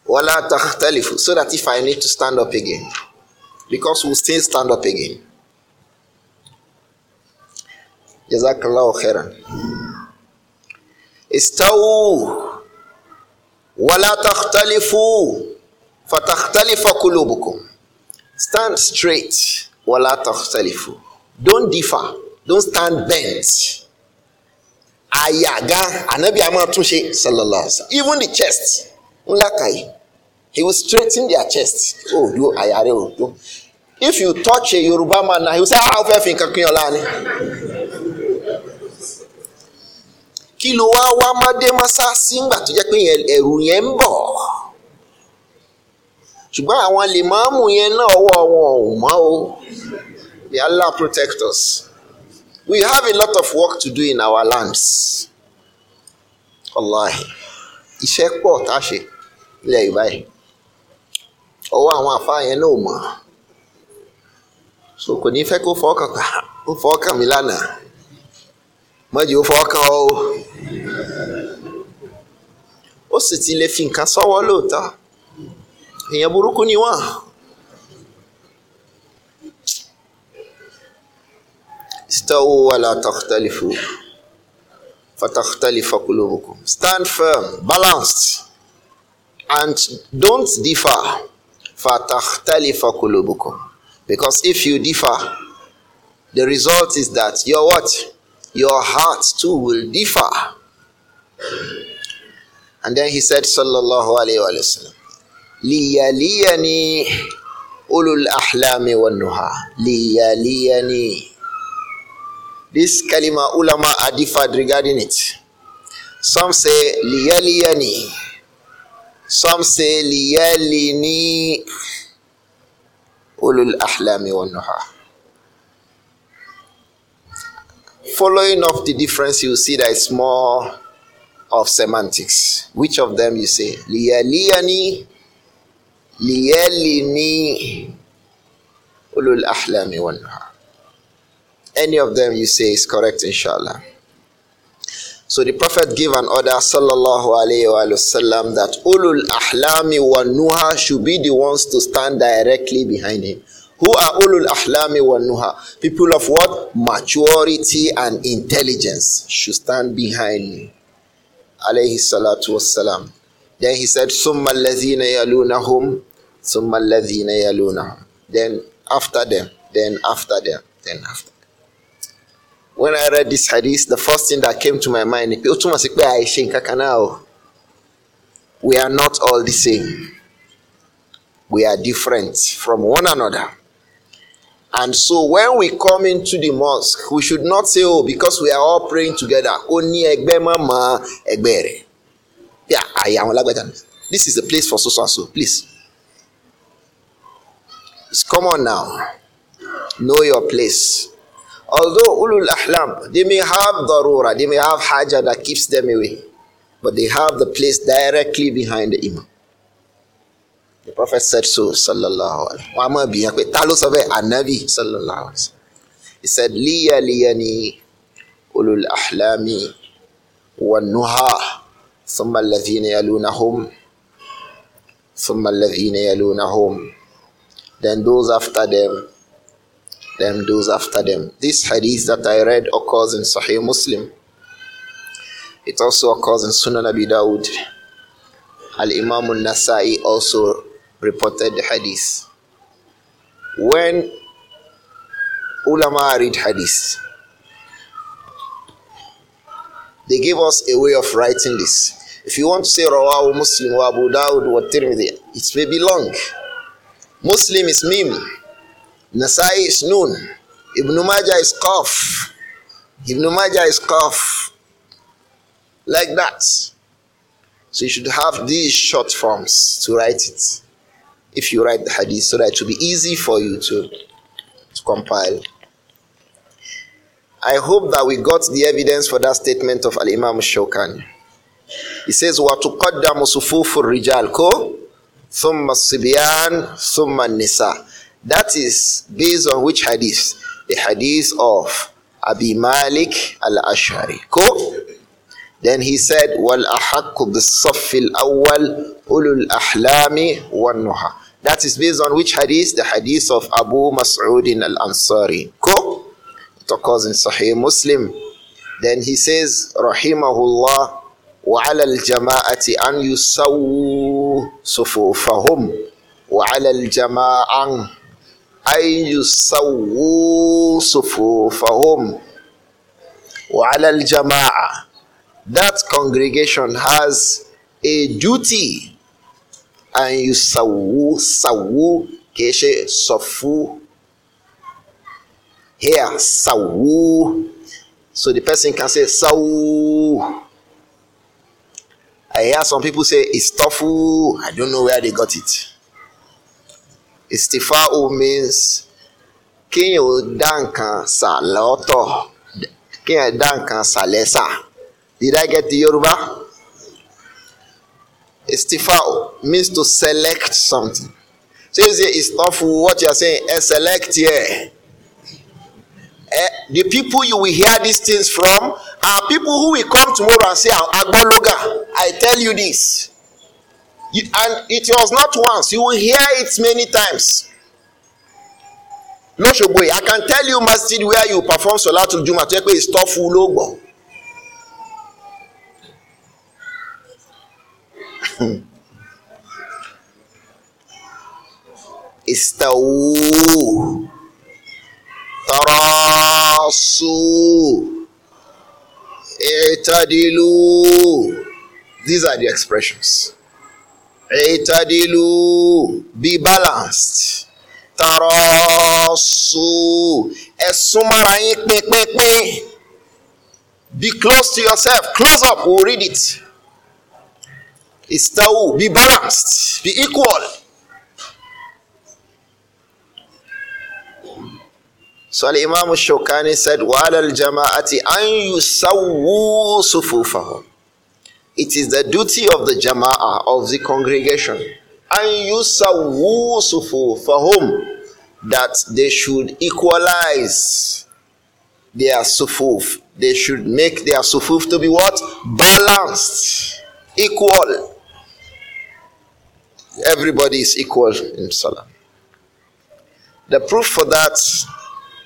Wa la takhtalifu. So that if I need to stand up again, because we'll still stand up again. Jazakallah khairan. Istawu wa la takhtalifu. فَتَخْتَلِفَ قُلُوبُكُمْ Stand straight. وَلَا تَخْتَلِفُوا Don't differ. Don't stand bent. Ayaga, Anabi Amatunche, sallallahu alaihi wasallam. Even the chest. Nlakai. He will straighten their chest. Oh, do ayare o. Oh, do. If you touch a Yoruba man na he will say, "Ah, ofe fin kankan yola ni." Kí ló wá wá Mádé Másá sí ìgbà tó jẹ́ pé ẹ̀rù yẹn ń bọ̀? ṣùgbọ́n àwọn lèmọ́ọ̀mù yẹn náà ọwọ́ wọn ò mọ́ o may Allah protect us we have a lot of work to do in our lands wàláhì iṣẹ́ pọ̀ tá a ṣe ilẹ̀ yorùbá yìí ọwọ́ àwọn àfáà yẹn náà ò mọ́ so kò ní fẹ́ kó fọ́ọ̀kàn pa ó fọ́ọ̀kàn mi lánàá mọ́jú ó fọ́ọ̀kàn o ó sì ti lè fi nǹkan sọ́wọ́ lóòótọ́. èèyàn burúkú ni wọ́n istawu wala takhtalifu fatakhtalifa qulubukum stand firm balanced and don't differ fatakhtalifa qulubukum because if you differ the result is that your what your heart too will differ and then he said sallallahu alayhi wa sallam liyaliyani ulul ahlami wan nuha liyaliyani this kalima ulama are differed regarding it some say liyaliyani some say liyalini ulul ahlami wan nuha following of the difference you see that it's more of semantics which of them you say liyaliyani lìyẹ́lì ní ulul ahlami wan Any of them you say is correct, inshallah. So the Prophet gave an order, sallallahu alayhi wa sallam, that ulul ahlami wan nuha should be the ones to stand directly behind him. Who are ulul ahlami wan nuha? People of what? Maturity and intelligence should stand behind him. Alayhi salatu wassalam. Then he said, ثُمَّ الَّذِينَ يَلُونَهُمْ ثم الذين يلونهم then after them then after them then after them. when I read this hadith the first thing that came to my mind ni pé ó túmọ̀ sí pé àìṣe nǹkan kan o we are not all the same we are different from one another. And so when we come into the mosque, we should not say, oh, because we are all praying together. mama Yeah, This is the place for so so and so. Please. It's common now. Know your place. Although ulul ahlam, they may have darura, they may have haja that keeps them away, but they have the place directly behind the imam. The Prophet said so, sallallahu alaihi wasallam. Talo sabe anabi, sallallahu alaihi wasallam. He said, liya liyani ulul ahlami wa nuha ثم الذين يلونهم ثم الذين يلونهم then those after them, then those after them. This hadith that I read occurs in Sahih Muslim. It also occurs in Sunan Abi Dawud. Al Imam al Nasa'i also reported the hadith. When ulama read hadith, they gave us a way of writing this. If you want to say Rawahu Muslim wa Abu Dawud wa Tirmidhi, it may be long. Muslim is Mim, Nasai is Nun, Ibn Majah is Qaf, Ibn Majah is Qaf, like that. So you should have these short forms to write it if you write the hadith so that it will be easy for you to, to compile. I hope that we got the evidence for that statement of Al Imam Shawkani. He says, وَتُقَدَّمُ صُفُوفُ rijal كُو Thumma Sibyan, Thumma Nisa. That is based on which hadith? The hadith of Abi Malik al Ashari. Cool? Then he said, Wal ahakku bisafil awwal ulul ahlami wan nuha. That is based on which hadith? The hadith of Abu Mas'udin al Ansari. Cool? It occurs in Sahih Muslim. Then he says, Rahimahullah wa ala al jama'ati an yusawu صفوفهم وعلى الجماعة أن يسووا صفوفهم وعلى الجماعة That congregation has a duty and you sawu sawu kìí here so the person can say I hear some people say it's tofu. I don't know where they got it. Istifa'u means kéèyàn ò dá nǹkan sà lọ́tọ̀ kéèyàn dá nǹkan sà Did I get the Yoruba? Istifa'u means to select something. So you say it's tofu. What you are saying, eh, select here. Eh, the people you will hear these things from are people who will come tomorrow and say, Agbologa. I tell you this. You, and it was not once, you will hear it many times. Lọ́ṣogbo yìí, I can tell you masjid where you perform Solatul Juma tó yẹ pé ìstọ́fù ló gbọ̀. Ìstàwó tarasu ìtàdílù. These are the expressions. Itadilu, be balanced. Tarosu, esumara yin pinpinpin. Be close to yourself. Close up, we'll read it. Istawu, be balanced, be equal. So Imam Shokani said, وَعَلَى الْجَمَاعَةِ أَنْ يُسَوُّوا صُفُوفَهُمْ It is the duty of the jama'ah, of the congregation, and yusawu sufu whom that they should equalize their sufuf. They should make their sufuf to be what? Balanced, equal. Everybody is equal in Salah. The proof for that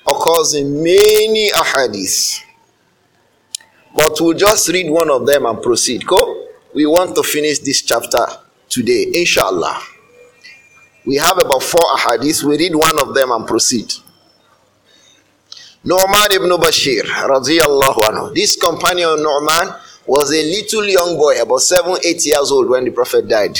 occurs in many ahadith. But we'll just read one of them and proceed. Go. We want to finish this chapter today, inshallah. We have about four ahadiths. We read one of them and proceed. Nu'man ibn Bashir, radiyallahu anhu. This companion, Nu'man, was a little young boy, about seven, eight years old when the Prophet died.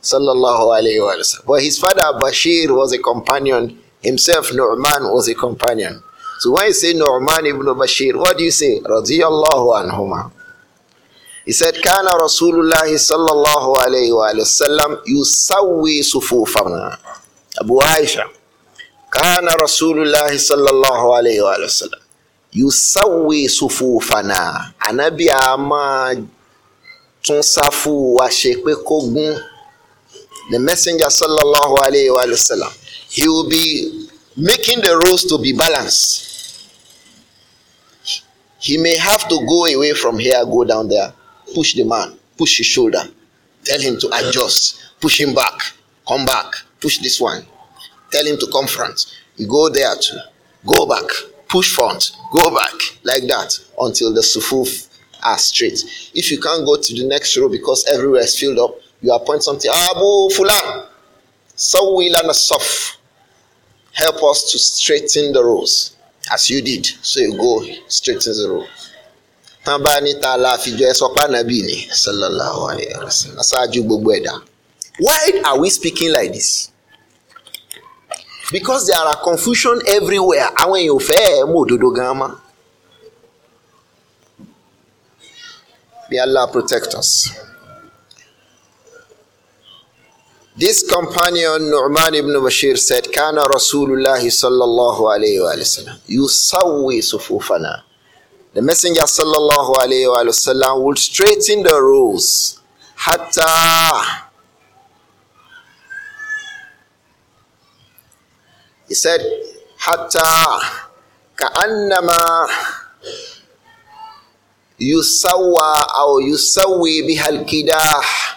Sallallahu alayhi wa But his father, Bashir, was a companion. Himself, Nu'man, was a companion. So why say Nu'man ibn Bashir, what do you say? Radiyallahu anhuma. He said, "كان رسول الله صلى الله عليه وآله وسلم يسوي Aisha. Kana Rasulullah "كان رسول الله صلى الله عليه وآله وسلم يسوي sáfù wa ṣe pé وشيكو gún. The messenger صلى الله عليه وآله وسلم. he will be making the rows to be balanced. He may have to go away from here, go down there, push the man, push his shoulder, tell him to adjust, push him back, come back, push this one, tell him to come front. You go there too, go back, push front, go back, like that, until the sufuf are straight. If you can't go to the next row because everywhere is filled up, you appoint something, Abu Fulan, a Saf. help us to straighten the rules as you did so you go straighten the rule. tán bá ní ta la fìjọ ẹ sọ pànàbí ni sallallahu alayhi wa sallam aṣáájú gbogbo ẹ̀dá. why are we speaking like this? because there are confusion everywhere àwọn èèyàn ò fẹ́ ẹ̀ mú òdodo gan mọ́. may Allah protect us. This companion, Nu'man ibn Bashir, said, Kana Rasulullah sallallahu alayhi wa sallam, yusawwi sufufana. The Messenger sallallahu alayhi wa sallam would straighten the rules. Hatta. He said, Hatta ka'annama yusawwa or yusawwi biha al-kidah.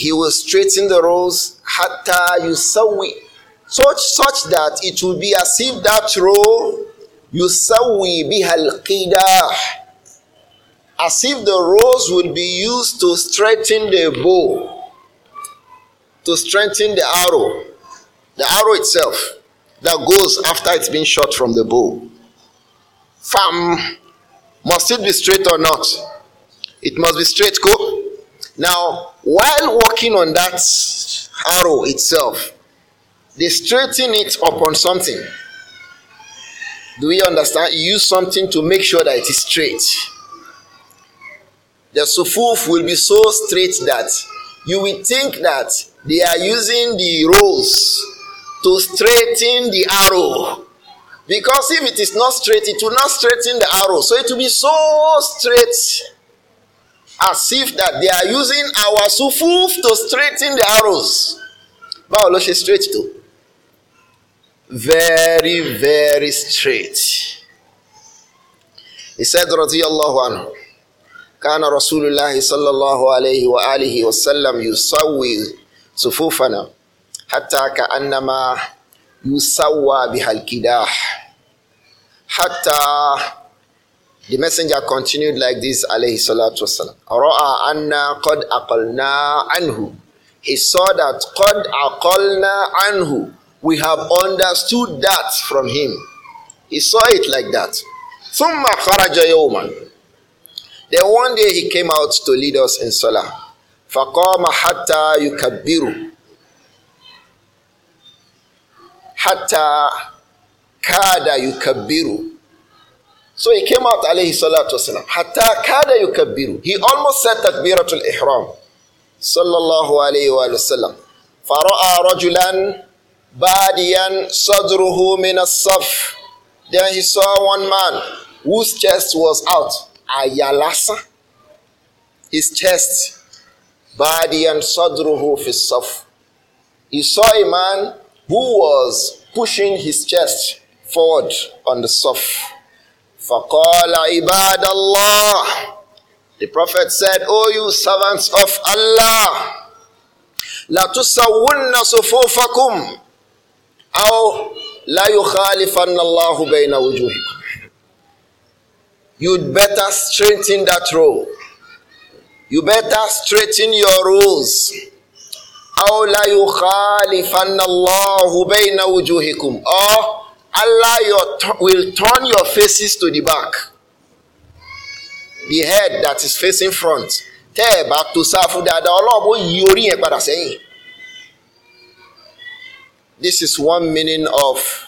He will straighten the rows, hatta yusawi, such, such that it will be as if that row yusawi biha al as if the rows will be used to straighten the bow, to strengthen the arrow, the arrow itself that goes after it's been shot from the bow. Fam, must it be straight or not? It must be straight, go. Now, while working on that arrow itself, they straighten it upon something. Do we understand? You use something to make sure that it is straight. The sufuf will be so straight that you will think that they are using the rolls to straighten the arrow. Because if it is not straight, it will not straighten the arrow. So it will be so straight as if that they are using our sufuf to straighten the arrows báwo ló ṣe straight tó very very straight he said radiyallahu anhu كان رسول الله صلى الله عليه وآله وسلم يسوي صفوفنا حتى كأنما يسوى بها الكداح حتى The messenger continued like this, alayhi salatu wasalam. Ra'a anna qad aqalna anhu. He saw that qad aqalna anhu. We have understood that from him. He saw it like that. Thumma خرج يوما. Then one day he came out to lead us in salah. فقام حتى يكبر Hatta kada يكبر So he came out alayhi salatu wasalam. Hatta kada yukabbiru. He almost said takbiratul ihram. Sallallahu alayhi wa sallam. Fara'a rajulan badiyan sadruhu min as-saf. Then he saw one man whose chest was out. Ayalasa. His chest. Badiyan sadruhu fi saf. He saw a man who was pushing his chest forward on the soft. فَقَالَ عِبَادَ اللَّهِ The Prophet said, O you servants of Allah, لا تسوون صُفُوفَكُمْ أَوْ لَا يُخَالِفَنَّ اللَّهُ بَيْنَ وُجُوهِكُمْ You'd better strengthen that row. You better straighten your rules. أَوْ لَا يُخَالِفَنَّ اللَّهُ بَيْنَ وُجُوهِكُمْ أو Allah t- will turn your faces to the back. The head that is facing front. Tẹ́ ẹ̀ bá to sáfù dáadáa, ọlọ́ọ̀bù yí orí yẹn padà sẹ́yìn. This is one meaning of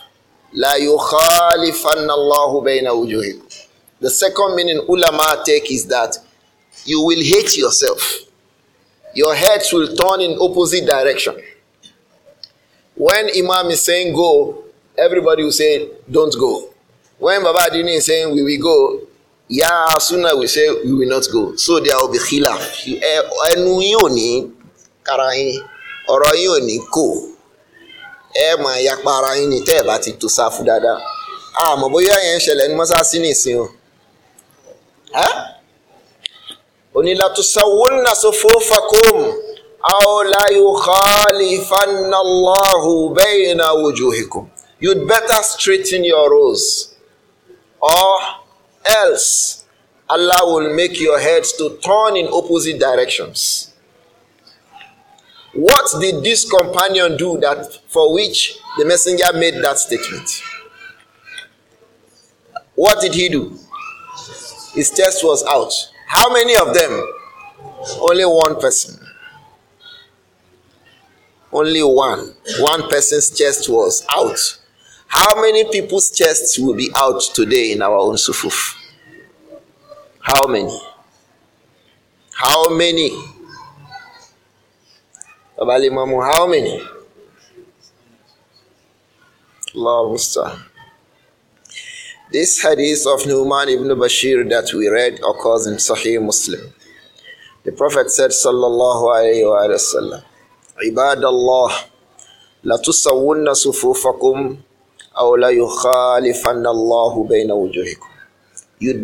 La yukhalifanna Allahu bayna wujuhikum. The second meaning ulama take is that you will hate yourself. Your heads will turn in opposite direction. When Imam is saying go, everybody will say, Don't go. When Baba Adini is saying, We will go, yeah, sooner we say, We will not go. So there will be khilaf. Ẹnu yín ò ní kára yín, ọ̀rọ̀ yín ò ara yín ni tẹ́ ẹ̀ bá ti tó sáfù dáadáa. Àmọ́ bóyá yẹn ń ṣẹlẹ̀ ní mọ́sáàsì nìsín o. Onílàtúnṣàwọ́nà sọ́fọ́fàkọ́m. أو لا يخالفن الله بين وجوهكم You'd better straighten your rows, or else Allah will make your heads to turn in opposite directions. What did this companion do that for which the messenger made that statement? What did he do? His chest was out. How many of them? Only one person. Only one. One person's chest was out. How many people's chests will be out today in our own sufuf? How many? How many? How many? Allah Musta. This hadith of Numan ibn Bashir that we read occurs in Sahih Muslim. The Prophet said, Sallallahu wa Wasallam, Ibadallah, latusawunna sufufakum You'd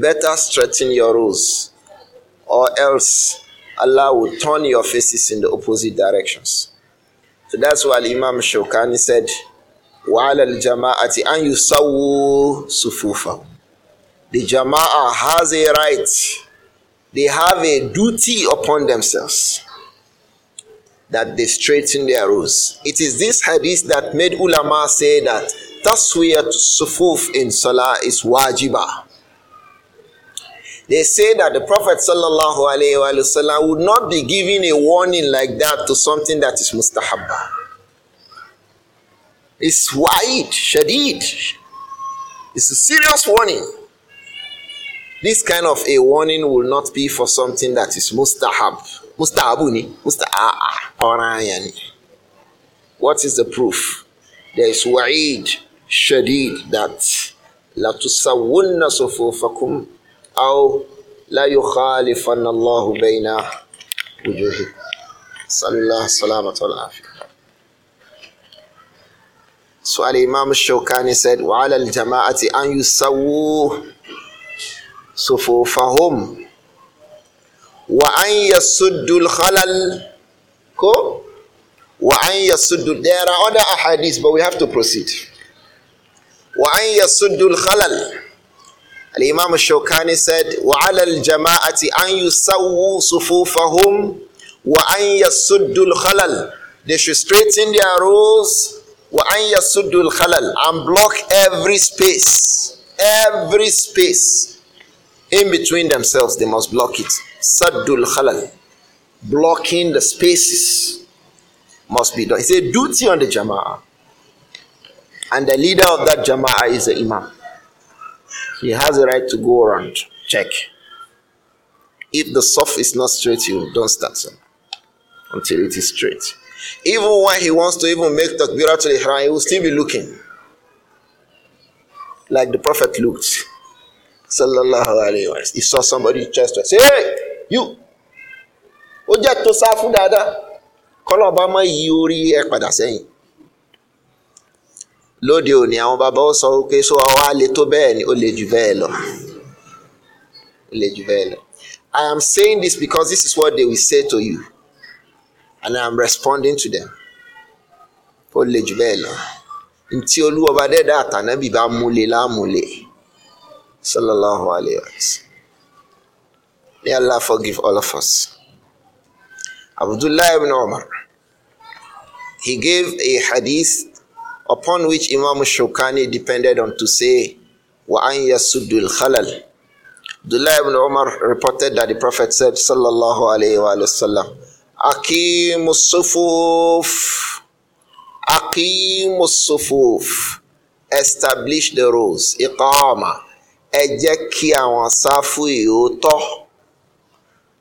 better straighten your rules or else Allah will turn your faces in the opposite directions. So that's why Imam Shokani said, "Wa الْجَمَاعَةِ an يُسَوُّوا sufufa." The Jama'a has a right, they have a duty upon themselves that they straighten their rules. It is this hadith that made ulama say that taswiyat sufuf in salah is wajiba. They say that the Prophet sallallahu alaihi wasallam would not be giving a warning like that to something that is mustahabba. It's wide, shadid. It's a serious warning. This kind of a warning will not be for something that is mustahab. Mustahabuni, mustaha'a, ah, ah. What is the proof? There is wa'id, شديد that تسوون صفوفكم أو لا يخالفن الله بين وجوهكم صلى الله سلامة والعافية So Imam Shawkani said وعلى الجماعة أن يسووا صفوفهم وأن يسدوا الخلل كو وأن يسدوا There are other ahadith but we have to proceed وأن يسد الخلل. الإمام الشوكاني said, وَعَلَى الْجَمَاعَةِ أَنْ يُسَوُّوا صُفُوفَهُمْ وَأَنْ يسد الْخَلَلِ They should straighten their rows وَأَنْ يسد الْخَلَلِ and block every space, every space in between themselves. They must block it. سد الْخَلَلِ Blocking the spaces must be done. It's a duty on the Jama'ah. And the leader of that jama'ah is the imam. He has a right to go around, check. If the soft is not straight, you don't start so, until it is straight. Even when he wants to even make the ihram, he will still be looking. Like the Prophet looked. Sallallahu alayhi wa He saw somebody to say, Hey, you! Ojat tó sá fún dáadáa. Kọ́lọ́ ọba máa yí ẹ̀ lóde òní àwọn bàbá ó sọ pé so ọ wá le tó bẹ́ẹ̀ ni ó le jù bẹ́ẹ̀ lọ ó le jù bẹ́ẹ̀ lọ I am saying this because this is what they will say to you and I am responding to them ó le jù bẹ́ẹ̀ lọ ntí olúwọba dẹ́dá àtànábì bá múlẹ̀ láàmúlẹ̀ sallallahu alayhi wa sallam may Allah forgive all of us Abdullah ibn Omar. he gave a hadith upon which Imam Shukani depended on to say, Wa an yasudul khalal. Abdullah ibn Umar reported that the Prophet said, Sallallahu alayhi wa sallam, Akimus sufuf, Akimus sufuf, establish the rules, Iqama, ẹ jẹ́ kí àwọn sáfù yìí tọ́.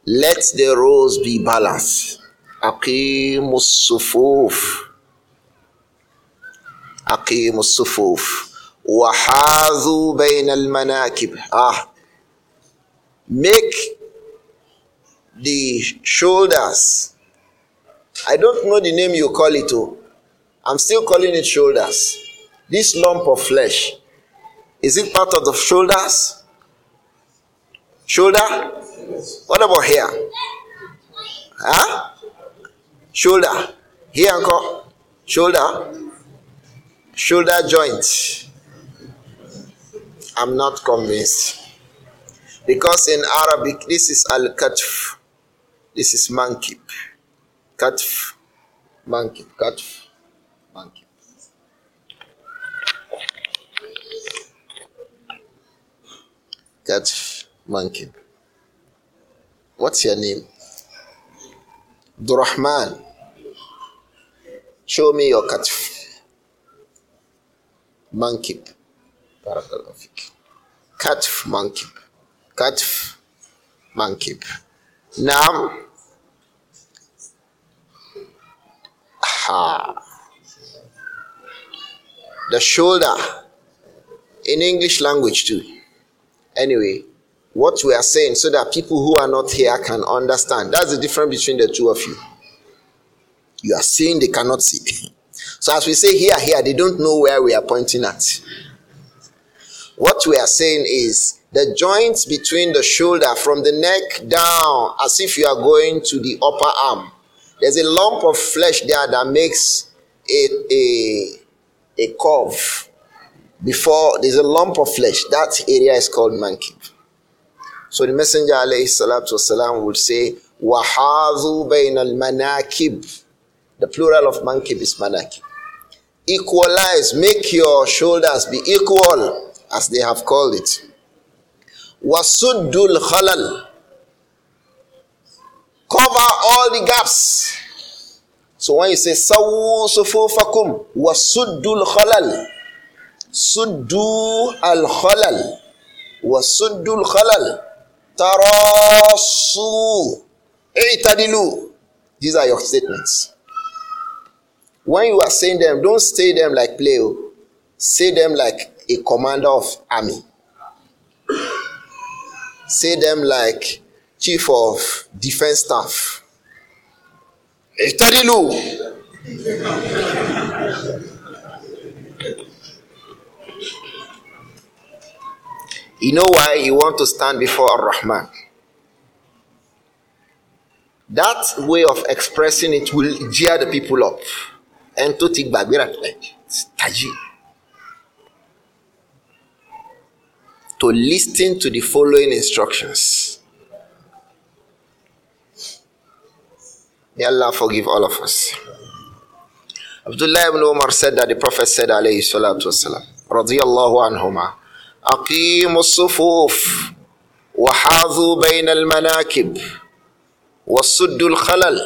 Let the rose be balanced. Akimus sufuf. أقيموا الصفوف وحاذوا بين المناكب ah make the shoulders I don't know the name you call it oh I'm still calling it shoulders this lump of flesh is it part of the shoulders shoulder what about here huh shoulder here uncle shoulder Shoulder joint. I'm not convinced. Because in Arabic, this is al katf. This is mankib. Katf. Mankib. Katf. Mankib. Katf. Mankib. What's your name? Durrahman. Show me your katf mankip. Barakallahu fik. Katf mankip. Katf Now, ha. The shoulder in English language too. Anyway, what we are saying so that people who are not here can understand. That's the difference between the two of you. You are saying they cannot see. So, as we say here, here, they don't know where we are pointing at. What we are saying is the joints between the shoulder from the neck down, as if you are going to the upper arm. There's a lump of flesh there that makes a, a, a curve. Before there's a lump of flesh, that area is called mankib. So the Messenger والسلام, would say, Wahazu bain al manakib. The plural of mankib is manakib. equalize, make your shoulders be equal, as they have called it. Wasuddul khalal. Cover all the gaps. So when you say sawu sufufakum wasuddul khalal, suddu al khalal, wasuddul khalal, tarasu, itadilu. These are your statements. When you are saying them, don't say them like play. Say them like a commander of army. say them like chief of defense staff. Etadilu. you know why you want to stand before rahman That way of expressing it will cheer the people up. ẹni tó ti gbàgbé rà ẹ tají. To lis ten to the following instructions. May Allah forgive all of us. abdullahi ibn Umar said that the Prophet said, alayhi salatu wasalam, radiyallahu anhuma, أقيموا الصفوف وحاذوا بين المناكب وصدوا khalal.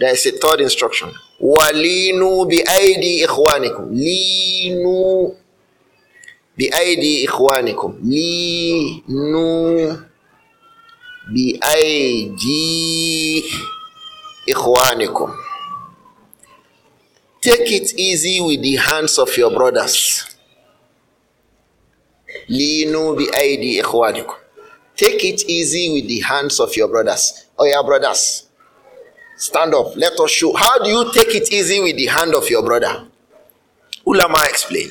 There is a third instruction. Walinu bi aidi ikhwanikum. Linu bi aidi ikhwanikum. Linu bi aidi ikhwanikum. Take it easy with the hands of your brothers. Linu bi aidi ikhwanikum. Take it easy with the hands of your brothers. Oh, your brothers. Stand up. Let us show. How do you take it easy with the hand of your brother? Ulama explain.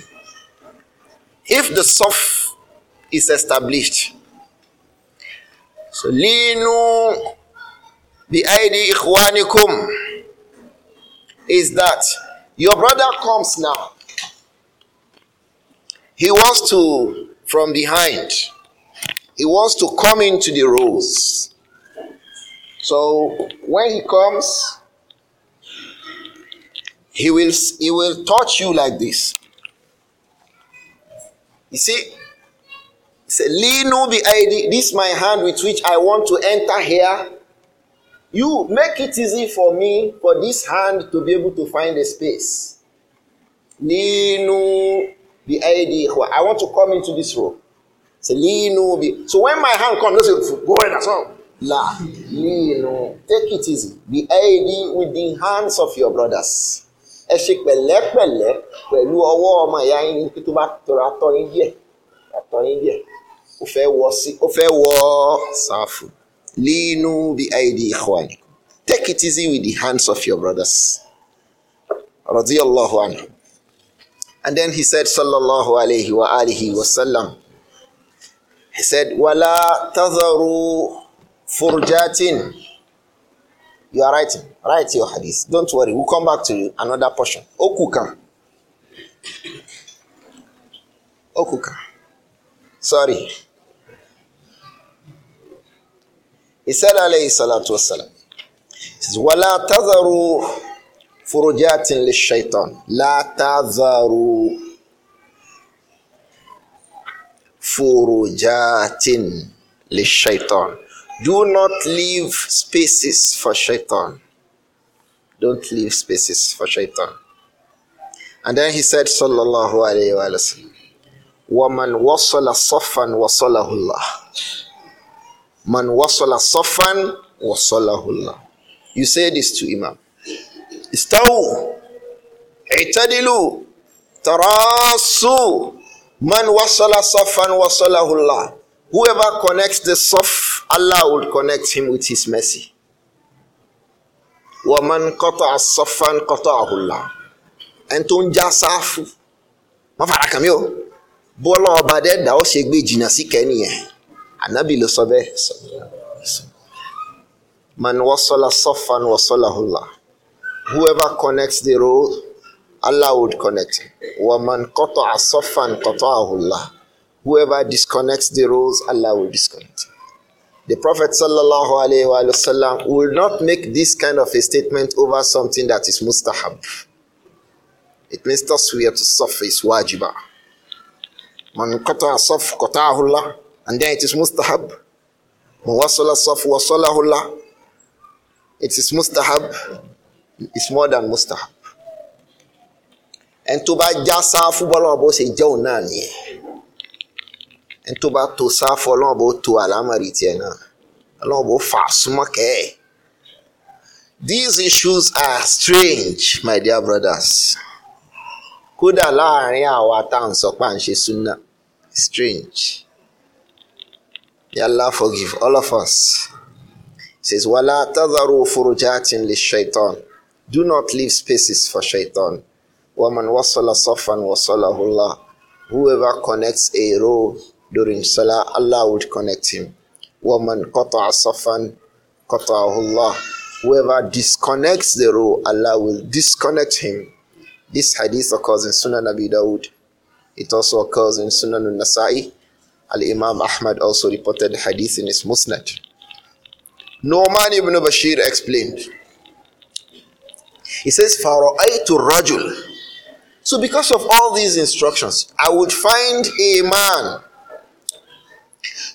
If the soft is established, so linu bi aidi ikhwanikum is that your brother comes now. He wants to from behind. He wants to come into the rows. So when he comes, he will he will touch you like this. You see, This is this my hand with which I want to enter here. You make it easy for me for this hand to be able to find a space. the ID. I want to come into this room. Say So when my hand comes, let's go in as well. La, Nino. Take it easy. Be aidi with the hands of your brothers. Ẹ ṣe pẹ̀lẹ́pẹ̀lẹ́ pẹ̀lú ọwọ́ ọmọ ìyá yín kí tó bá tọrọ atọ́ yín díẹ̀. Atọ́ yín díẹ̀. Ó fẹ́ wọ sí ó fẹ́ wọ sáfù. Linu bi aidi ikhwani. Take it easy with the hands of your brothers. Radiyallahu anhu. And then he said sallallahu alayhi wa alihi wa He said, Wala tazaru Furjatin. You are writing. Write your hadith. Don't worry. We'll come back to you. Another portion. Okuka. Okuka. Sorry. He said, alayhi salatu wasalam. He says, furujatin li shaitan. La tazaru furujatin li shaitan." Do not leave spaces for shaitan. Don't leave spaces for shaitan. And then he said, Sallallahu Alaihi Wasallam, Woman wasala sofan wasalahullah. Man wasala sofan wasalahullah. You say this to Imam. Istaw. Itadilu. Tarasu. Man wasala sofan wasalahullah. Whoever connects the Saf, Allah will connect him with His mercy. وَمَنْ قَطَعَ الصَّفًا قَطَعَهُ اللَّهُ ẹni tó ń já sáfù wọ́n fara kàn mí o bó ọlọ́wọ́ bá dẹ́ dà ó ṣe gbé jìnnà sí kẹ́ni yẹn ànábì ló man wasala safan wasalahu Allah whoever connects the road Allah would connect wa man qata'a safan qata'ahu Allah. Whoever disconnects the rules, Allah will disconnect. The Prophet وسلم, will not make this kind of a statement over something that is mustahab. It means taswiyah to saf is wajiba. Man qata'a saf qata'ahullah. And then it is mustahab. Man wasala saf wasalahullah. It is mustahab. It's more than mustahab. And to buy jasa football, I say, Joe Nani. tó bá to sáfọ ọlọ́run bó to àlámọ̀rí tiẹ̀ náà ọlọ́run bó fà súnmọ́ kẹ́ these issues are strange my dear brothers kódà láàrin àwa tá à ń sọ pé à ń ṣe súnà strange yàlla forgive all of us says wàlá tàdàrú furujatin lè shaitan do not leave spaces for shaitan wàmán wàsọlá sọfàn wàsọlá hùlá whoever connects a row during Salah, Allah would connect him. Woman qata'a safan qata'ahu Allah. Whoever disconnects the rope, Allah will disconnect him. This hadith occurs in Sunan Abi Dawud. It also occurs in Sunan al-Nasa'i. Al-Imam Ahmad also reported the hadith in his Musnad. man ibn Bashir explained. He says, to rajul." So because of all these instructions, I would find a man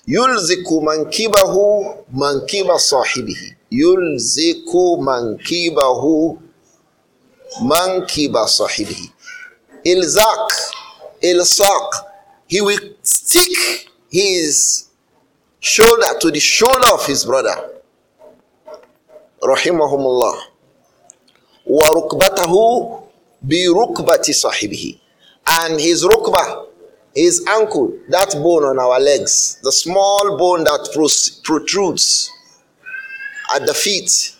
يلزك منكبه منكب صاحبه يلزك منكبه منكب صاحبه إلزاق إلصاق he will stick his shoulder to the shoulder of his brother رحمهم الله وركبته بركبة صاحبه and his ركبة His ankle, that bone on our legs, the small bone that protrudes at the feet,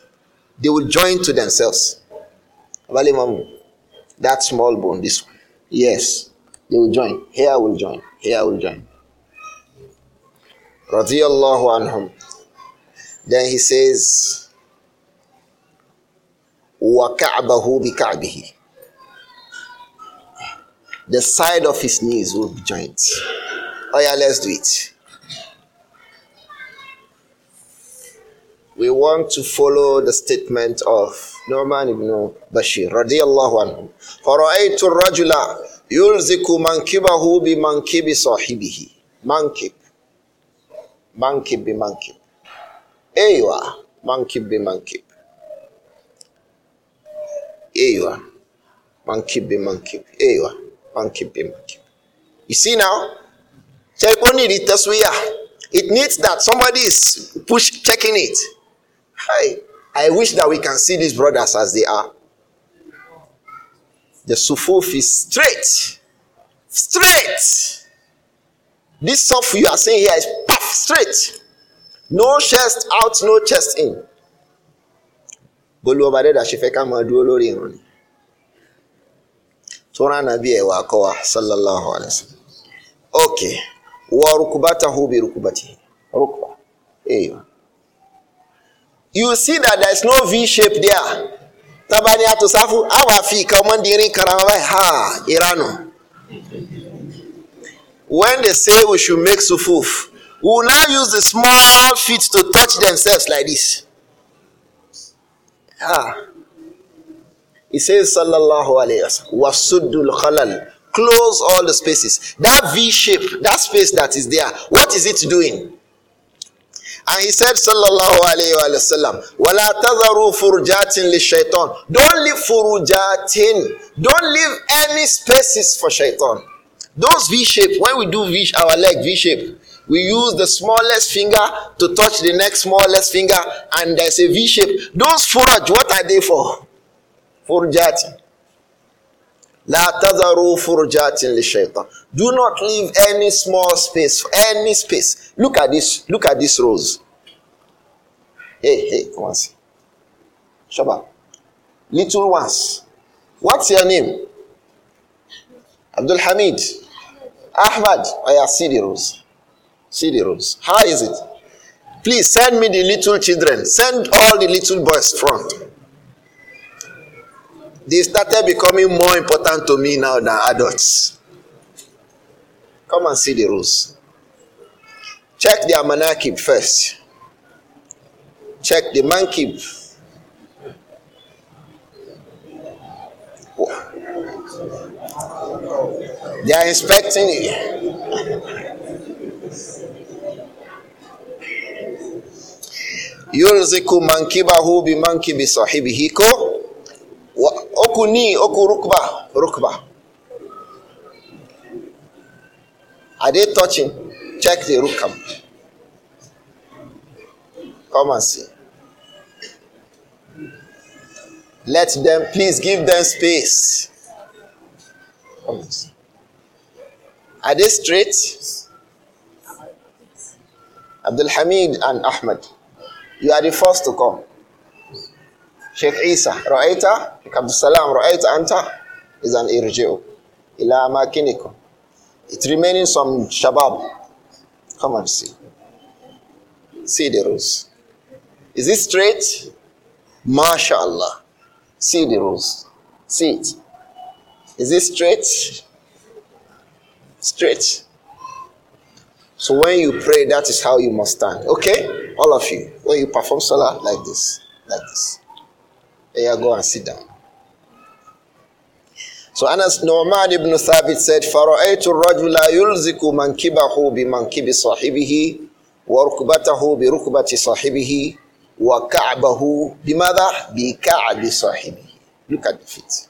they will join to themselves. Vale, mamu. That small bone, this one. Yes, they will join. Here will join. Here will join. Radiallahu anhum. Then he says, وَكَعْبَهُ بِكَعْبِهِ the side of his knees will be joined. Oh, yeah, let's do it. We want to follow the statement of Norman ibn Bashir radiyallahu anhu. فَرَأَيْتُ الرَّجُلَ يُلْزِكُ مَنْكِبَهُ بِمَنْكِبِ صَاحِبِهِ Mankib. Mankib bimankib. Eywa. Mankib bimankib. Eywa. Mankib bimankib. Eywa. You see now? It needs that somebody is push checking it. Hi. I wish that we can see these brothers as they are. The sufuf is straight. Straight. This stuff you are seeing here is puff straight. No chest out, no chest in. Bolu over there that she lórí sura nabi ẹ wà kọ́ wa sallallahu alayhi wa sallam ok wọ rukubatahu bi rukubatihi rukba eyo you see that there is no v shape there tabani atusafu awa fi ka ọmọ ndinrin karama ha iranu when they say we should make sufuf we will now use the small feet to touch themselves like this. Ah. He says, Sallallahu alayhi Wasallam, Wasuddul Close all the spaces. That V shape, that space that is there, what is it doing? And he said, Sallallahu Alaihi Wasallam, Wala tadharu furujatin li shaitan. Don't leave furujatin. Don't leave any spaces for shaitan. Those V shape, when we do v, our leg V shape, we use the smallest finger to touch the next smallest finger, and there's a V shape. Those forage, what are they for? Furjatin. La tazaru furjatin lishaitan. Do not leave any small space, any space. Look at this, look at this rose. Hey, hey, come on see. Shaba. Little ones. What's your name? Abdul Hamid. Ahmad. I oh, see the rose. See the rose. How is it? Please send me the little children. Send all the little boys front. They started becoming more important to me now than adults. Come and see the rules. Check the Amanakib first. Check the Mankib. They are inspecting you. يلزق منكبه بمنكب صاحبه كو oku knee oku rukba rukba are they touching check the rukam come and see let them please give them space come and see are they straight abdul hamid and ahmed you are the first to come Sheikh Isa, Ra'aita, Sheikh Abdul Salam, Ra'aita Anta is an irji'u. Ila makinikum. It remaining some shabab. Come and see. See the rules. Is this straight? MashaAllah. See the rules. See it. Is this straight? Straight. So when you pray, that is how you must stand. Okay? All of you. When you perform salah like this, like this. Yeah, go and sit down. So Anas Nu'man ibn Thabit said, فَرَأَيْتُ الرَّجُلَ يُلْزِكُ مَنْكِبَهُ بِمَنْكِبِ صَاحِبِهِ وَرُكْبَتَهُ بِرُكْبَةِ صَاحِبِهِ وَكَعْبَهُ بِمَاذَا؟ بِكَعْبِ صَاحِبِهِ Look at the feet.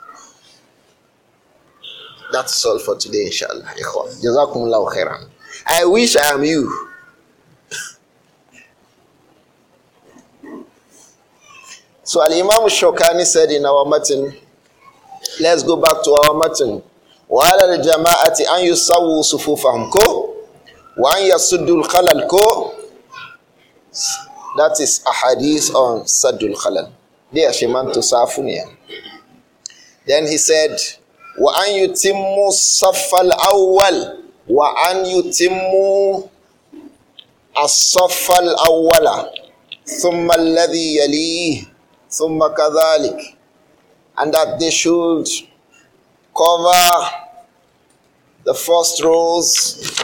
That's all for today, inshallah. Jazakumullahu khairan. I wish I am you. So Al Imam Shokani said in our matin, let's go back to our matin. وعلى الجماعة أن يسووا صفوفهم كو وأن يسدوا الخلل كو That is a hadith on Saddul Khalal. There she meant to Safunia. Then he said, وأن يتموا الصف الأول وأن يتموا الصف الأول ثم الذي يليه ثم كذلك and that they should cover the first rows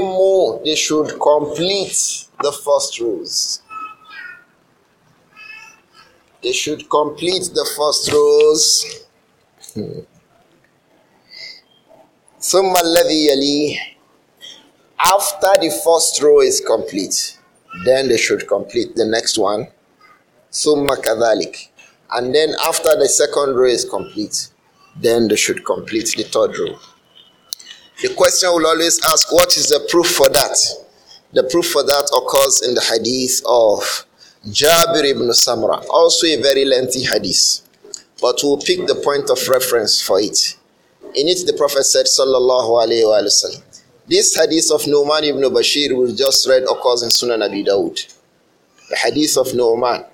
more; they should complete the first rows they should complete the first rows ثم الذي after the first row is complete then they should complete the next one Summa kadhalik. And then after the second row is complete, then they should complete the third row. The question will always ask, what is the proof for that? The proof for that occurs in the hadith of Jabir ibn Samra, also a very lengthy hadith, but we'll pick the point of reference for it. In it, the Prophet said, Sallallahu Alaihi Wasallam, this hadith of Nu'man ibn Bashir, we just read, occurs in Sunan Abi Dawud. The hadith of Nu'man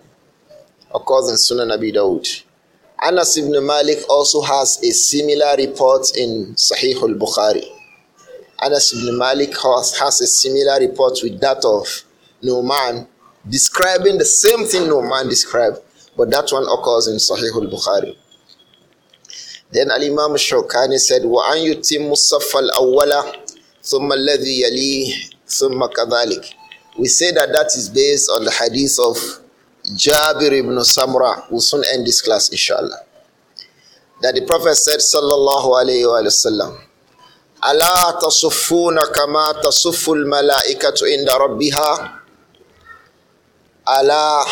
occurs in Sunan Abi Dawud. Anas ibn Malik also has a similar report in Sahih al Bukhari. Anas ibn Malik has, has a similar report with that of Numan, describing the same thing Numan described, but that one occurs in Sahih al Bukhari. Then Al Imam Shawkani said, وَأَنْ يُتِمُّ الصَّفَّ الْأَوَّلَ ثُمَّ الَّذِي يَلِيهِ ثُمَّ كَذَلِكَ We say that that is based on the hadith of Jabir ibn Samra. We'll soon end this class, inshallah. That the Prophet said, Sallallahu Alaihi Wasallam, ألا تصفون كما تصف الملائكة عند ربها ألا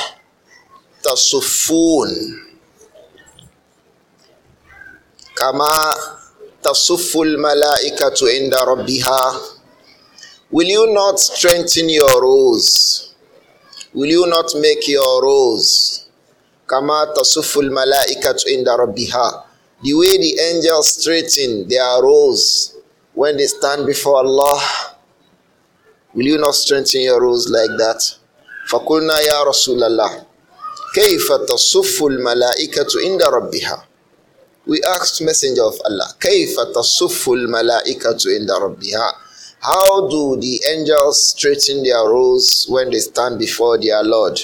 تصفون كما تصف الملائكة عند ربها Will you not strengthen your rows Will you not make your rose? Kama tasuful malaikatu inda rabbiha. The way the angels straighten their rows when they stand before Allah. Will you not strengthen your rows like that? فقلنا يا رسول الله كيف تصف الملائكة عند ربها We asked messenger of Allah كيف تصف الملائكة عند ربها How do the angels straighten their rows when they stand before their Lord?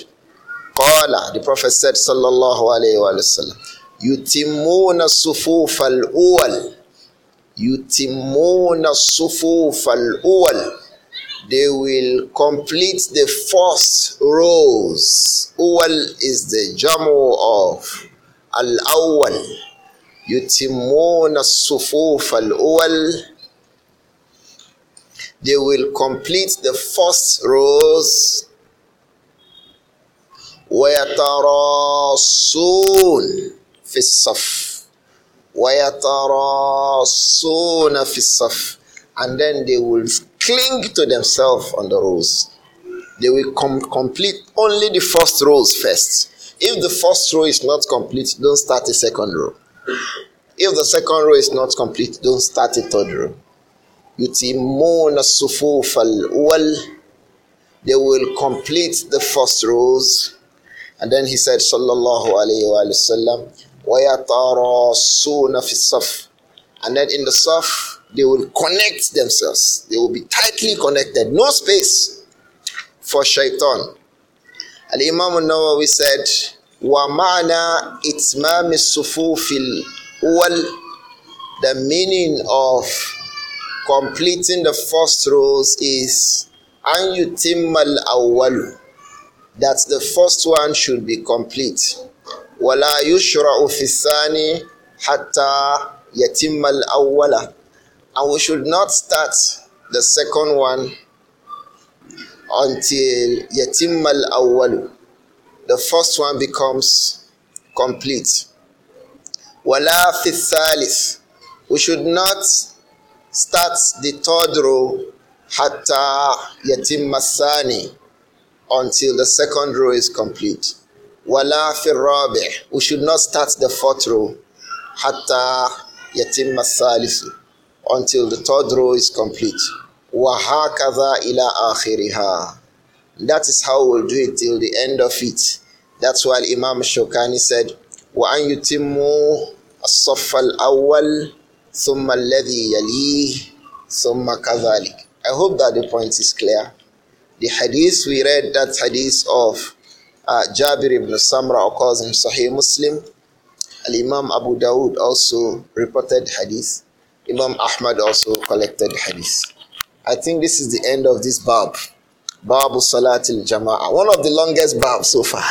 Qala, the Prophet said, Sallallahu Alaihi Wasallam, Yutimuna sufuf al-uwal. Yutimuna sufuf al-uwal. They will complete the first rows. Uwal is the jamu of al-awwal. Yutimuna sufuf al-uwal they will complete the first rows ويتراصون في الصف ويتراصون في الصف and then they will cling to themselves on the rows they will com- complete only the first rows first if the first row is not complete don't start the second row if the second row is not complete don't start the third row يتمون الصفوف الأول they will complete the first rows and then he said صلى الله عليه وآله وسلم ويتراصون في الصف and then in the صف they will connect themselves they will be tightly connected no space for shaitan الإمام النووي said ومعنى إتمام الصفوف الأول the meaning of completing the first rows is an yutimmal awalu. that the first one should be complete wala yushra'u fi thani hatta yatimmal awwala and we should not start the second one until yatimmal awalu. the first one becomes complete wala fi thalith we should not starts the third row hatta yatim masani until the second row is complete. Wala firabe. We should not start the fourth row hatta yatim masalisu until the third row is complete. Wahakaza ila akhiriha. That is how we'll do it till the end of it. That's why Imam Shokani said, وأن saff al الأول Summa alladhi yali, summa kavalik. I hope that the point is clear. The hadith we read, that hadith of uh, Jabir ibn Samra occurs in Sahih Muslim. Al Imam Abu Dawud also reported hadith. Imam Ahmad also collected hadith. I think this is the end of this bab. Babu Salatil Jama'a. One of the longest bab so far.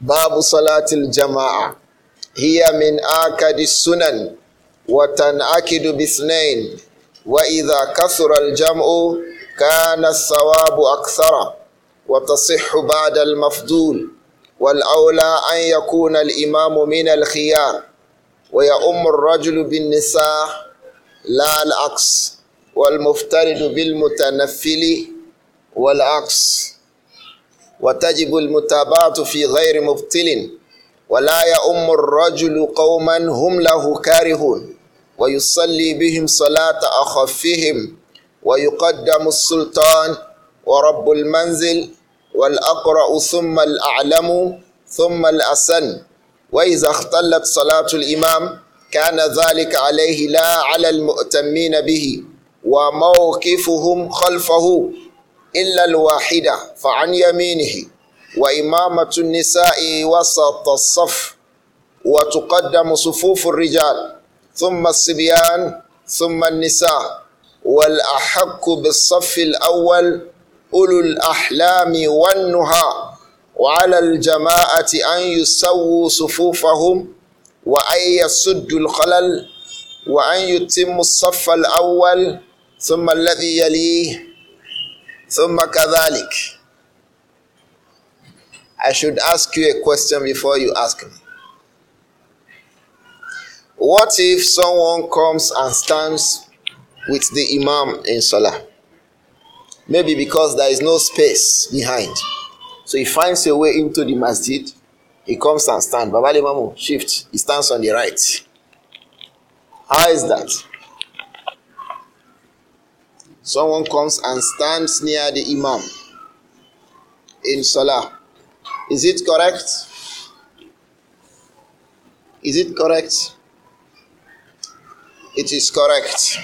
Babu Salatil Jama'a. Here min akadis sunan. وتنعكد باثنين وإذا كثر الجمع كان الثواب أكثر وتصح بعد المفضول والأولى أن يكون الإمام من الخيار ويؤم الرجل بالنساء لا العكس والمفترد بالمتنفل والعكس وتجب المتابعة في غير مبطل ولا يؤم الرجل قوما هم له كارهون ويصلي بهم صلاة أخفهم ويقدم السلطان ورب المنزل والأقرأ ثم الأعلم ثم الأسن وإذا اختلت صلاة الإمام كان ذلك عليه لا على المؤتمين به وموقفهم خلفه إلا الواحدة فعن يمينه وإمامة النساء وسط الصف وتقدم صفوف الرجال ثم الصبيان ثم النساء والأحق بالصف الأول أولو الأحلام والنهى وعلى الجماعة أن يسووا صفوفهم وأن يسدوا الخلل وأن يتموا الصف الأول ثم الذي يليه ثم كذلك I should ask you a question before you ask me. What if someone comes and stands with the Imam in Salah? Maybe because there is no space behind. So he finds a way into the masjid. He comes and stands. Baba Limamu, shift. He stands on the right. How is that? Someone comes and stands near the Imam in Salah. Is it correct? Is it correct? It is correct.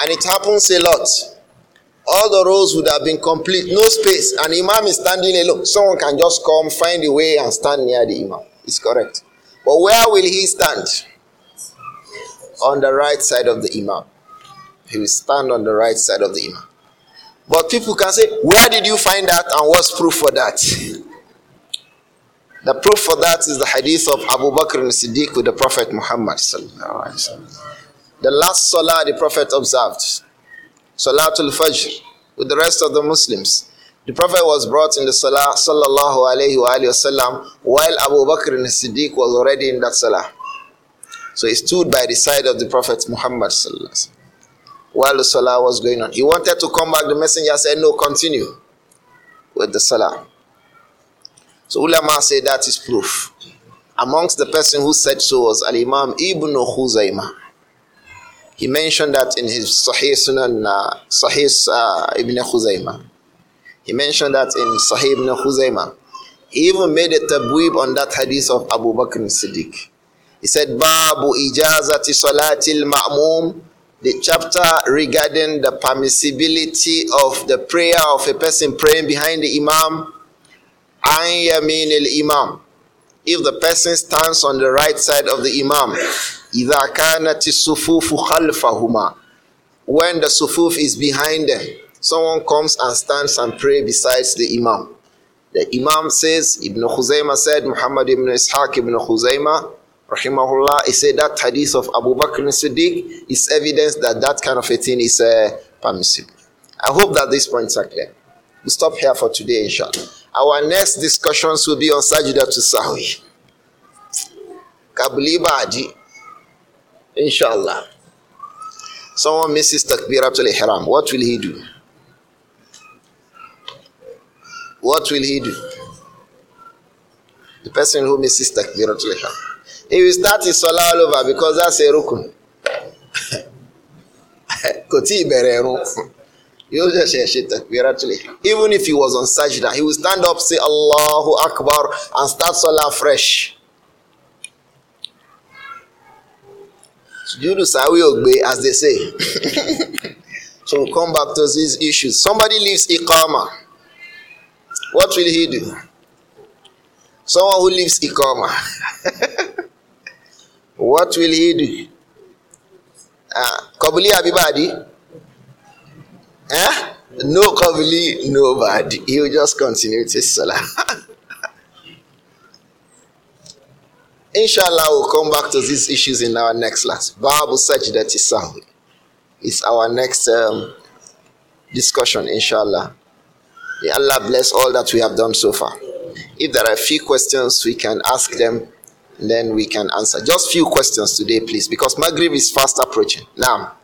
And it happens a lot. All the rows would have been complete, no space. An imam is standing alone. Someone can just come, find a way, and stand near the imam. It's correct. But where will he stand? On the right side of the imam. He will stand on the right side of the imam. But people can say, Where did you find that? And what's proof for that? The proof for that is the hadith of Abu Bakr and Siddiq with the Prophet Muhammad. The last salah the Prophet observed, Salatul Fajr, with the rest of the Muslims. The Prophet was brought in the salah, sallallahu alayhi wa wasallam, while Abu Bakr and Siddiq was already in that salah. So he stood by the side of the Prophet Muhammad sallallahu while the salah was going on. He wanted to come back, the messenger said, No, continue with the salah. So ulama say that is proof. Amongst the person who said so was Al Imam Ibn Khuzaima. He mentioned that in his Sahih Sunan, uh, Sahih uh, Ibn Khuzaima. He mentioned that in Sahih Ibn Khuzaima. He even made a tabweeb on that hadith of Abu Bakr Siddiq. He said, Babu ijazati salatil ma'mum, the chapter regarding the permissibility of the prayer of a person praying behind the Imam an imam. If the person stands on the right side of the imam, is كَانَتِ السُّفُوفُ خَلْفَهُمَا When the sufuf is behind them, someone comes and stands and pray besides the imam. The imam says, Ibn Khuzaymah said, Muhammad ibn Ishaq ibn Khuzaymah, rahimahullah, he said that hadith of Abu Bakr Siddiq is evidence that that kind of a thing is uh, permissible. I hope that these points are clear. we we'll stop here for today, inshallah. Our next discussions will be on Sajida to Sahwi. Kabli Ba'di. Inshallah. Someone misses Takbiratul Ihram. What will he do? What will he do? The person who misses Takbiratul Ihram. He will start his salah all over because that's a rukun. Koti bẹ̀rẹ̀ ẹ̀rùn. You just say shit takbir actually. Even if he was on sajda, he will stand up, say Allahu Akbar, and start salah fresh. Sujudu sawi ogbe, as they say. so we'll come back to these issues. Somebody leaves iqama. What will he do? Someone who leaves iqama. what will he do? Uh, Kabuli Abibadi. Eh? No qabli, no bad. He'll just continue to salah. Inshallah, we'll come back to these issues in our next class. Babu Sajdat Isahwi is our next um, discussion, inshallah. May Allah bless all that we have done so far. If there are a few questions, we can ask them, then we can answer. Just few questions today, please, because Maghrib is fast approaching. Now.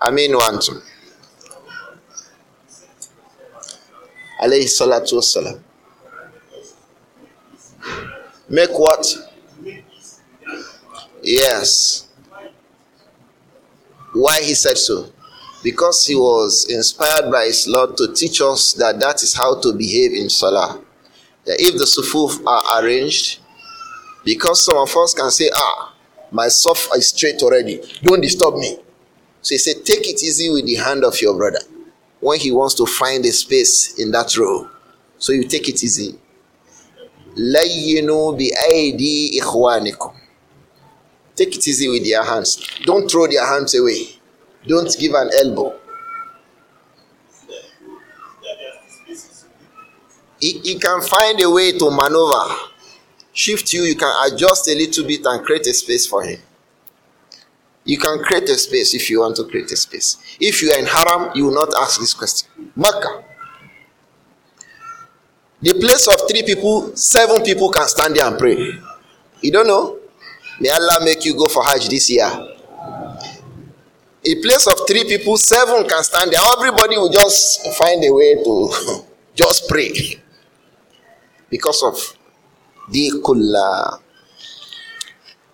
Amin wa antum. Alayhi salatu wassalam. Make what? Yes. Why he said so? Because he was inspired by his Lord to teach us that that is how to behave in Salah. That if the sufuf are arranged, because some of us can say, ah, my sufu is straight already, don't disturb me. So he said, Take it easy with the hand of your brother when he wants to find a space in that row. So you take it easy. Take it easy with your hands. Don't throw their hands away. Don't give an elbow. He, he can find a way to maneuver. Shift you, you can adjust a little bit and create a space for him. You can create a space if you want to create a space. If you are in haram, you will not ask this question. Makkah. The place of three people, seven people can stand there and pray. You don't know? May Allah make you go for Hajj this year. A place of three people, seven can stand there. Everybody will just find a way to just pray because of the kulla.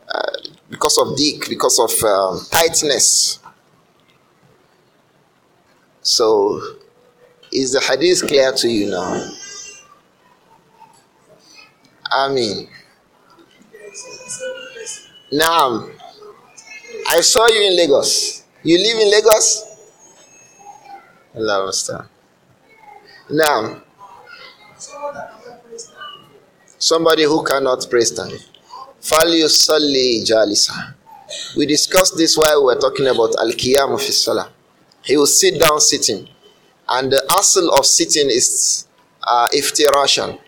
Uh, because of dick, because of um, tightness. So, is the hadith clear to you now? I mean, now I saw you in Lagos. You live in Lagos? Hello, Mister. Now, somebody who cannot praise time. We discussed this while we were talking about al-qiyam fi salah. He will sit down sitting. And the asl of sitting is uh, iftirashan.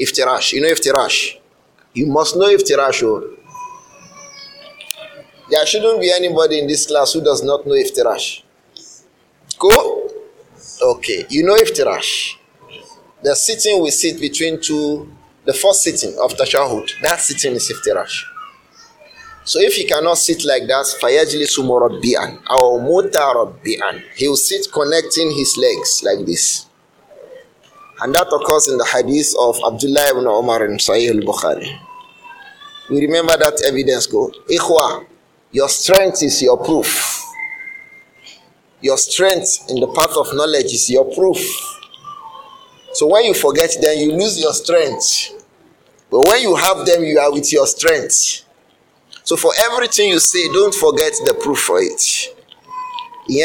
Iftirash. You know iftirash. You must know iftirash. Oh. There shouldn't be anybody in this class who does not know iftirash. Go? Okay. You know iftirash. The sitting we sit between two the first sitting of tashahud, that sitting is iftirash. So if he cannot sit like that, fayajlisu murabbi'an or mutarabbi'an. He will sit connecting his legs like this. And that occurs in the hadith of Abdullah ibn Umar in Sahih al-Bukhari. You remember that evidence go? Ikhwa, your strength is your proof. Your strength in the path of knowledge is your proof. So when you forget them, you lose your strength. But when you have them, you are with your strength. So for everything you say, don't forget the proof for it. You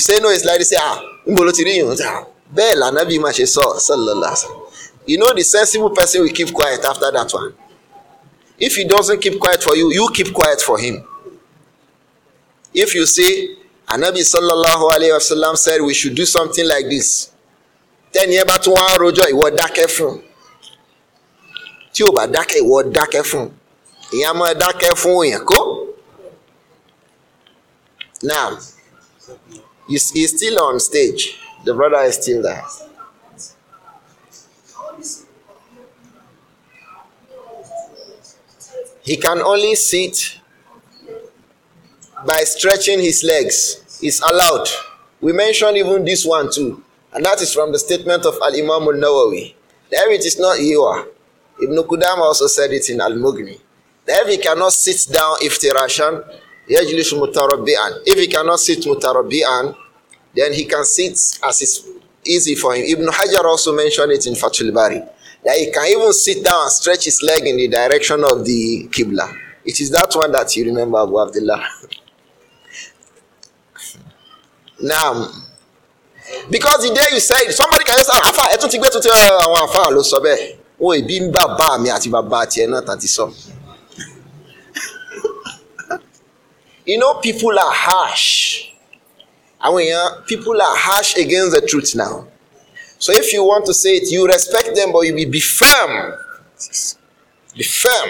say no, it's like they say, ah, ah bẹ́ẹ̀ lànà bí ma ṣe sọ you know the sensible person will keep quiet after that one if he doesn't keep quiet for you you keep quiet for him if you say anabi sallallahu alayhi wa sallam said we should do something like this tẹ́ni ẹ bá tún wá rojọ́ ìwọ dákẹ́ fún tí ò bá dákẹ́ ìwọ dákẹ́ fún ìyẹn á máa dákẹ́ fún èèyàn kó now he is still on stage the brother is still there. He can only sit by stretching his legs is allowed. We mentioned even this one too, and that is from the statement of Al Imam al Nawawi. There it is not Iwa. Ibn Qudam also said it in Al Mughni. If he cannot sit down iftirashan, yajlis mutarabbi'an. If he cannot sit mutarabbi'an, then he can sit as is easy for him. Ibn Hajar also mentioned it in Fathul Bari. That he can even sit down and stretch his leg in the direction of the Qibla. It is that one that you remember, Abu Abdullah. naam because the day you said somebody can just say afa ẹ tún ti gbé tuntun àwọn afa ló sọ bẹ́ẹ̀ o ìbí ń bàbá mi àti bàbá tiẹ̀ náà tàbí sọ. you know people are harsh àwọn èèyàn people are harsh against the truth now so if you want to say it you respect them but you be, be firm be firm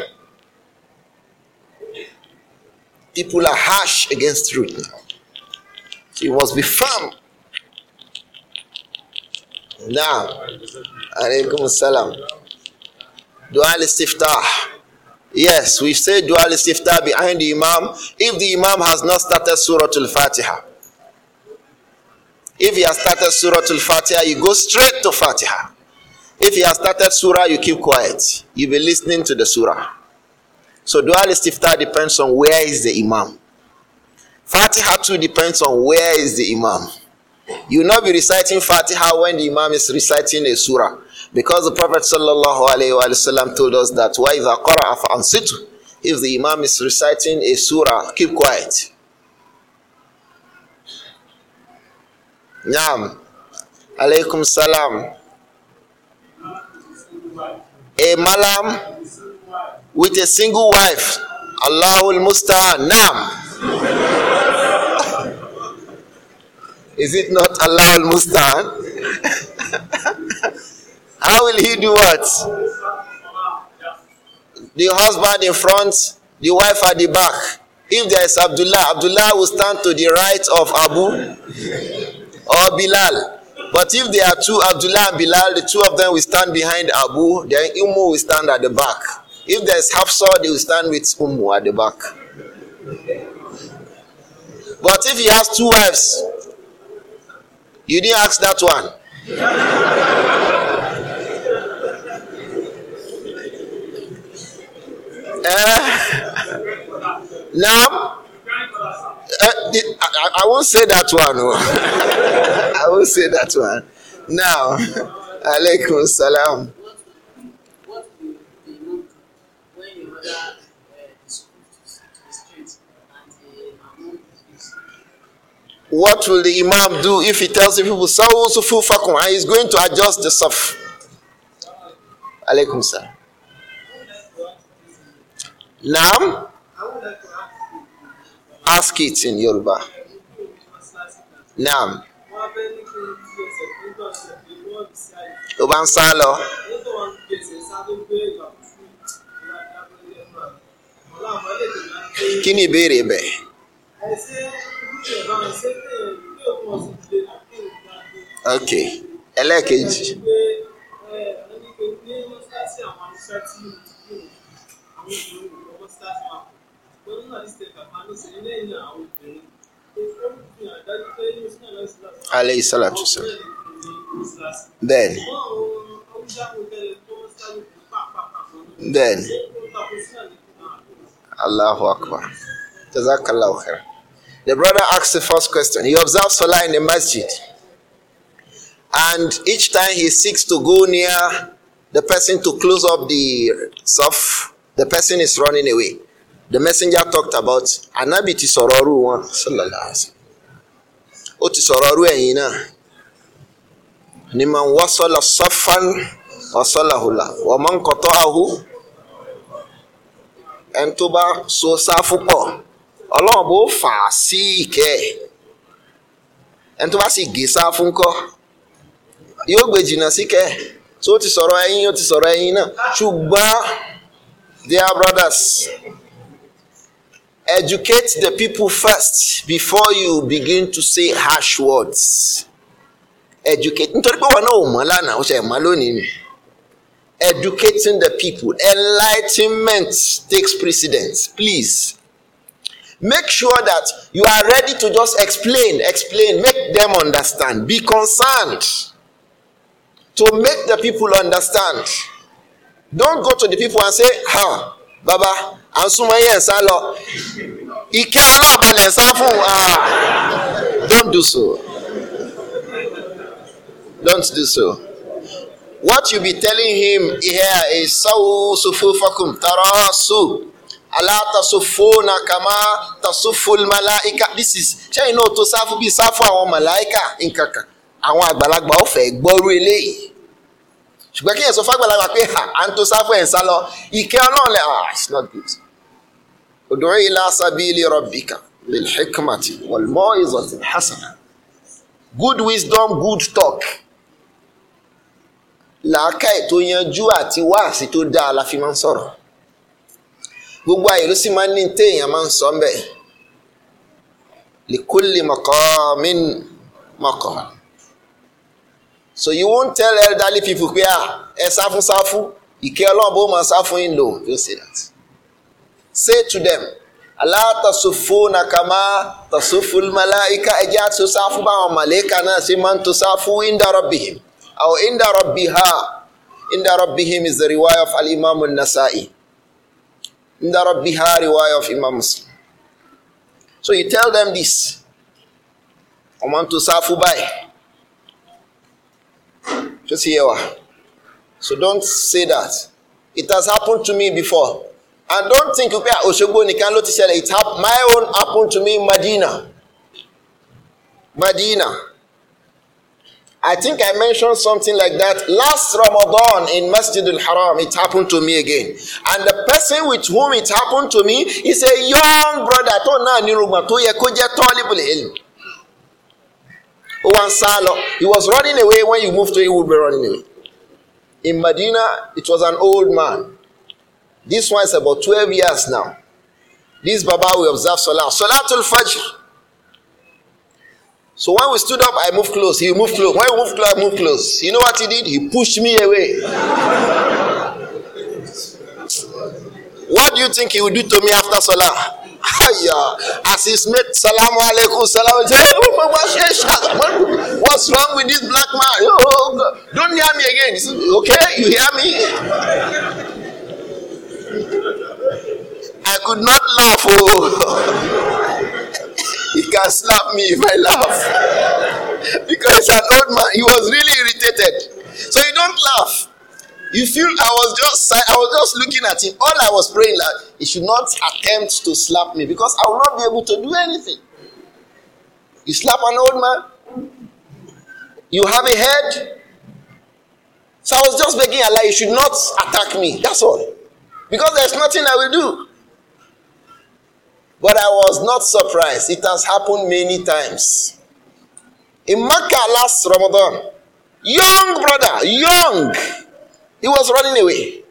people are harsh against truth now. It must be firm. نعم assalam. Du'a دعاء الاستفتاح Yes, we say dua al-istiftah behind the imam if the imam has not started Surah al-Fatiha. If he has started Surah al-Fatiha, you go straight to Fatiha. If he has started Surah, you keep quiet. you be listening to the Surah. So dua al-istiftah depends on where is the imam. Fatiha too depends on where is the Imam. You will not be reciting Fatiha when the Imam is reciting a surah. Because the Prophet ﷺ told us that why وَإِذَا قَرَأَ فَأَنْصِتُ If the Imam is reciting a surah, keep quiet. Naam. Alaykum salam. A malam with a single wife. Allahul Musta'an. Naam. Is it not Allah al Mustan? How will he do what? The husband in front, the wife at the back. If there is Abdullah, Abdullah will stand to the right of Abu or Bilal. But if there are two, Abdullah and Bilal, the two of them will stand behind Abu, then Umu will stand at the back. If there is Hafsa, they will stand with Umu at the back. But if he has two wives, You didn't ask that one. uh, now, uh, I, I, won't say that one. Oh. I won't say that one. Now, alaikum salam. What do you do when you What will the Imam do if he tells the people, Sawu Sufu Fakum, and he's going to adjust the Saf? Alaykum sir. Naam? Ask it in Yoruba. Naam. Tó bá ń sá lọ. Kí ni ìbéèrè bẹ̀? ok ẹlẹ́ẹ̀kejì. aleyhi salatu salam bẹ́ẹ̀ni bẹ́ẹ̀ni allahu akbar jazakallahu khairan. The brother asks the first question. He observes Salah in the masjid. And each time he seeks to go near the person to close up the saf, the person is running away. The messenger talked about Anabi ti sọ̀rọ̀ ọrú wọn sallallahu alaihi wasallam. Ó ti sọ̀rọ̀ ọrú safan wasalahula wa man qata'ahu ẹni tó bá so sáfù pọ̀ ọlọ́run bó fà á sí ìkẹ́ ẹ̀ ẹni tó bá sì gé sá fún kọ́ yóò gbé jìnnà síkẹ́ tó ti sọ̀rọ̀ ẹ̀yìn ó ti sọ̀rọ̀ ẹ̀yìn náà ṣùgbọ́n dear brothers educate the people first before you begin to say harsh words educate nítorí pé wọn náà ò mọ̀ lánàá ó ṣe mọ̀ lónìí ni educating the people enlightenment takes precedence please. Make sure that you are ready to just explain, explain, make them understand. Be concerned to make the people understand. Don't go to the people and say, Ha, Baba, and Sumaye and Salo. Ike alabalẹ̀ sá fún ah don't do so don't do so what you be telling him here is sawu sufufakum tarasu Allah tasufuna kama tasuful malaika this is ṣẹ́yìn náà tó sáfù bíi sáfù àwọn màláìka nǹkan kan àwọn àgbàlagbà ò fẹ́ gbọ́rú eléyìí ṣùgbọ́n kíyàn sọ fàgbàlagbà pé à ń tó sáfù ẹ̀ ń sá lọ ìkẹ́ ọlọ́run lẹ́ ah it's not good ud'u ila sabili rabbika bil hikmati wal maw'izati hasana good wisdom good talk làákàyè tó yanjú àti wáàsí tó dáa la fi máa ń sọ̀rọ̀ gbogbo àyè ló sì máa ń ní téèyàn máa ń sọ ń bẹ̀ likulli maqamin maqam so you won't tell elderly people pé ah ẹ sáfún sáfún ìkẹ́ ọlọ́run bó máa sáfún yín lò you say that say to them Allah tasufuna kama tasuful malaika ẹjẹ́ àti sáfún báwọn màlẹ́kà náà ṣe máa ń to sáfún inda rabbihim aw inda is the riwaya of al-imam an In the Ndarabbiha riwayah of Imam Muslim. So you tell them this. I want to safubai. Just hear what. So don't say that. It has happened to me before. And don't think you pay ah, Oshogbo Nikan Loti It happened, my own happened to me in Medina. Medina. I think I mentioned something like that last Ramadan in Masjid al Haram. It happened to me again. And the person with whom it happened to me is a young brother He was running away when you moved to he would be running away. In Medina, it was an old man. This one is about 12 years now. This Baba we observe Salah. Salatul Fajr. So when we stood up, I moved close. He moved close. When he moved close, I moved close. You know what he did? He pushed me away. what do you think he would do to me after Salah? As his mate, Salaam alaikum, salam. Alaikum. Oh, What's wrong with this black man? Oh, don't hear me again. Okay, you hear me? I could not laugh. Oh. He can slap me if I laugh. because an old man, he was really irritated. So you don't laugh. You feel I was just I was just looking at him. All I was praying that he should not attempt to slap me because I will not be able to do anything. You slap an old man, you have a head. So I was just begging Allah, you should not attack me. That's all. Because there's nothing I will do. But I was not surprised. It has happened many times. In Makkah last Ramadan, young brother, young, he was running away.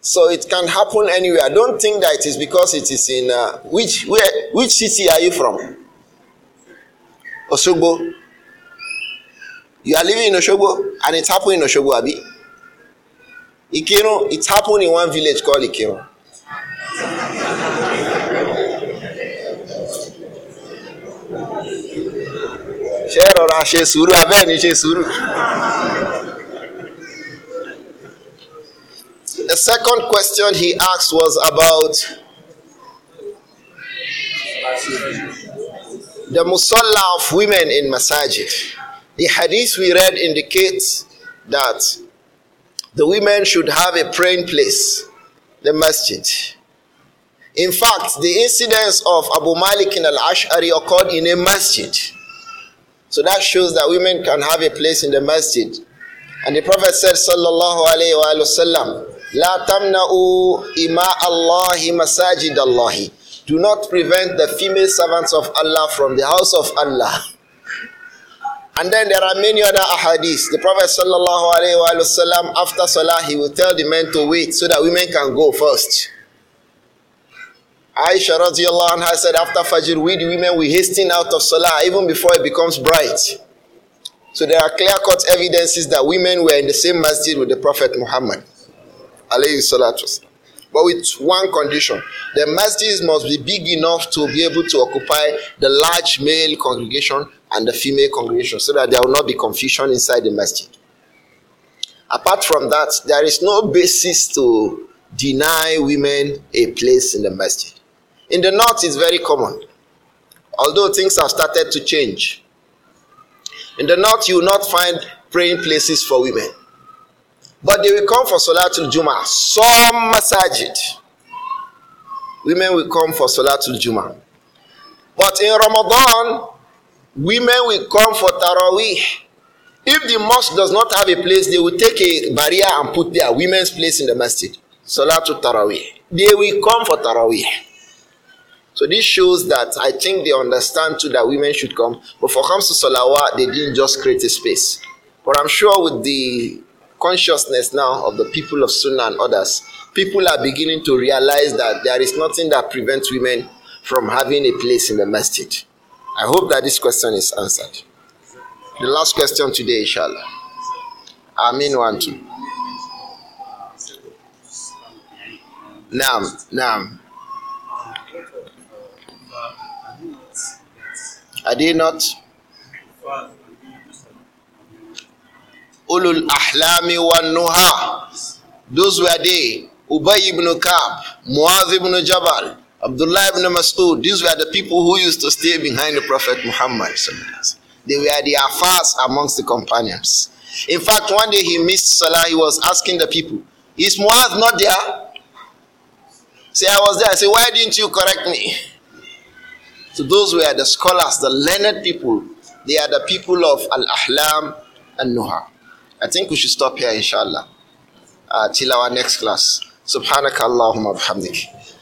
So it can happen anywhere. Don't think that it is because it is in uh, which where which city are you from? Osogbo. You are living in Osogbo, and it happened in Osogbo, Abi. Ikirun, it happened in one village called Ikirun. Share or ṣe sùúrù abẹ́ẹ̀ ni ṣe The second question he asked was about the musalla of women in masajid. The hadith we read indicates that the women should have a praying place, the masjid. In fact, the incidents of Abu Malik in Al Ash'ari occurred in a masjid. So that shows that women can have a place in the masjid. And the Prophet said, Sallallahu Alaihi Wasallam, La tamna'u ima Allahi masajid Allahi. Do not prevent the female servants of Allah from the house of Allah. And then there are many other ahadith. The Prophet sallallahu alaihi wasallam after salah he will tell the men to wait so that women can go first. Aisha radiallahu anha said after Fajr we the women we hasten out of salah even before it becomes bright. So there are clear cut evidences that women were in the same masjid with the Prophet Muhammad alayhi salatu but with one condition the masjid must be big enough to be able to occupy the large male congregation and the female congregation so that there will not be confusion inside the masjid. Apart from that, there is no basis to deny women a place in the masjid. In the north, it's very common, although things have started to change. In the north, you will not find praying places for women, but they will come for Salatul Juma. Some masajid, women will come for Salatul Juma. But in Ramadan, Women will come for Taraweeh. If the mosque does not have a place, they will take a barrier and put their women's place in the masjid. to Taraweeh. They will come for Taraweeh. So this shows that I think they understand too that women should come. But for comes to Salawat, they didn't just create a space. But I'm sure with the consciousness now of the people of Sunnah and others, people are beginning to realize that there is nothing that prevents women from having a place in the masjid. I hope that this question is answered. The last question today, inshallah. Amin one two. Nam, Nam. I did not? Ulul Ahlami wa Nuha. Those were they. Ubay ibn Kaab, Muaz ibn Jabal, Abdullah ibn Mas'ud, these were the people who used to stay behind the Prophet Muhammad. They were the affars amongst the companions. In fact, one day he missed Salah, he was asking the people, Is Muaz not there? Say, I was there. I say, Why didn't you correct me? So those were the scholars, the learned people. They are the people of Al Ahlam and Nuha. I think we should stop here, inshallah, uh, till our next class. Subhanaka Allahumma وبحمدك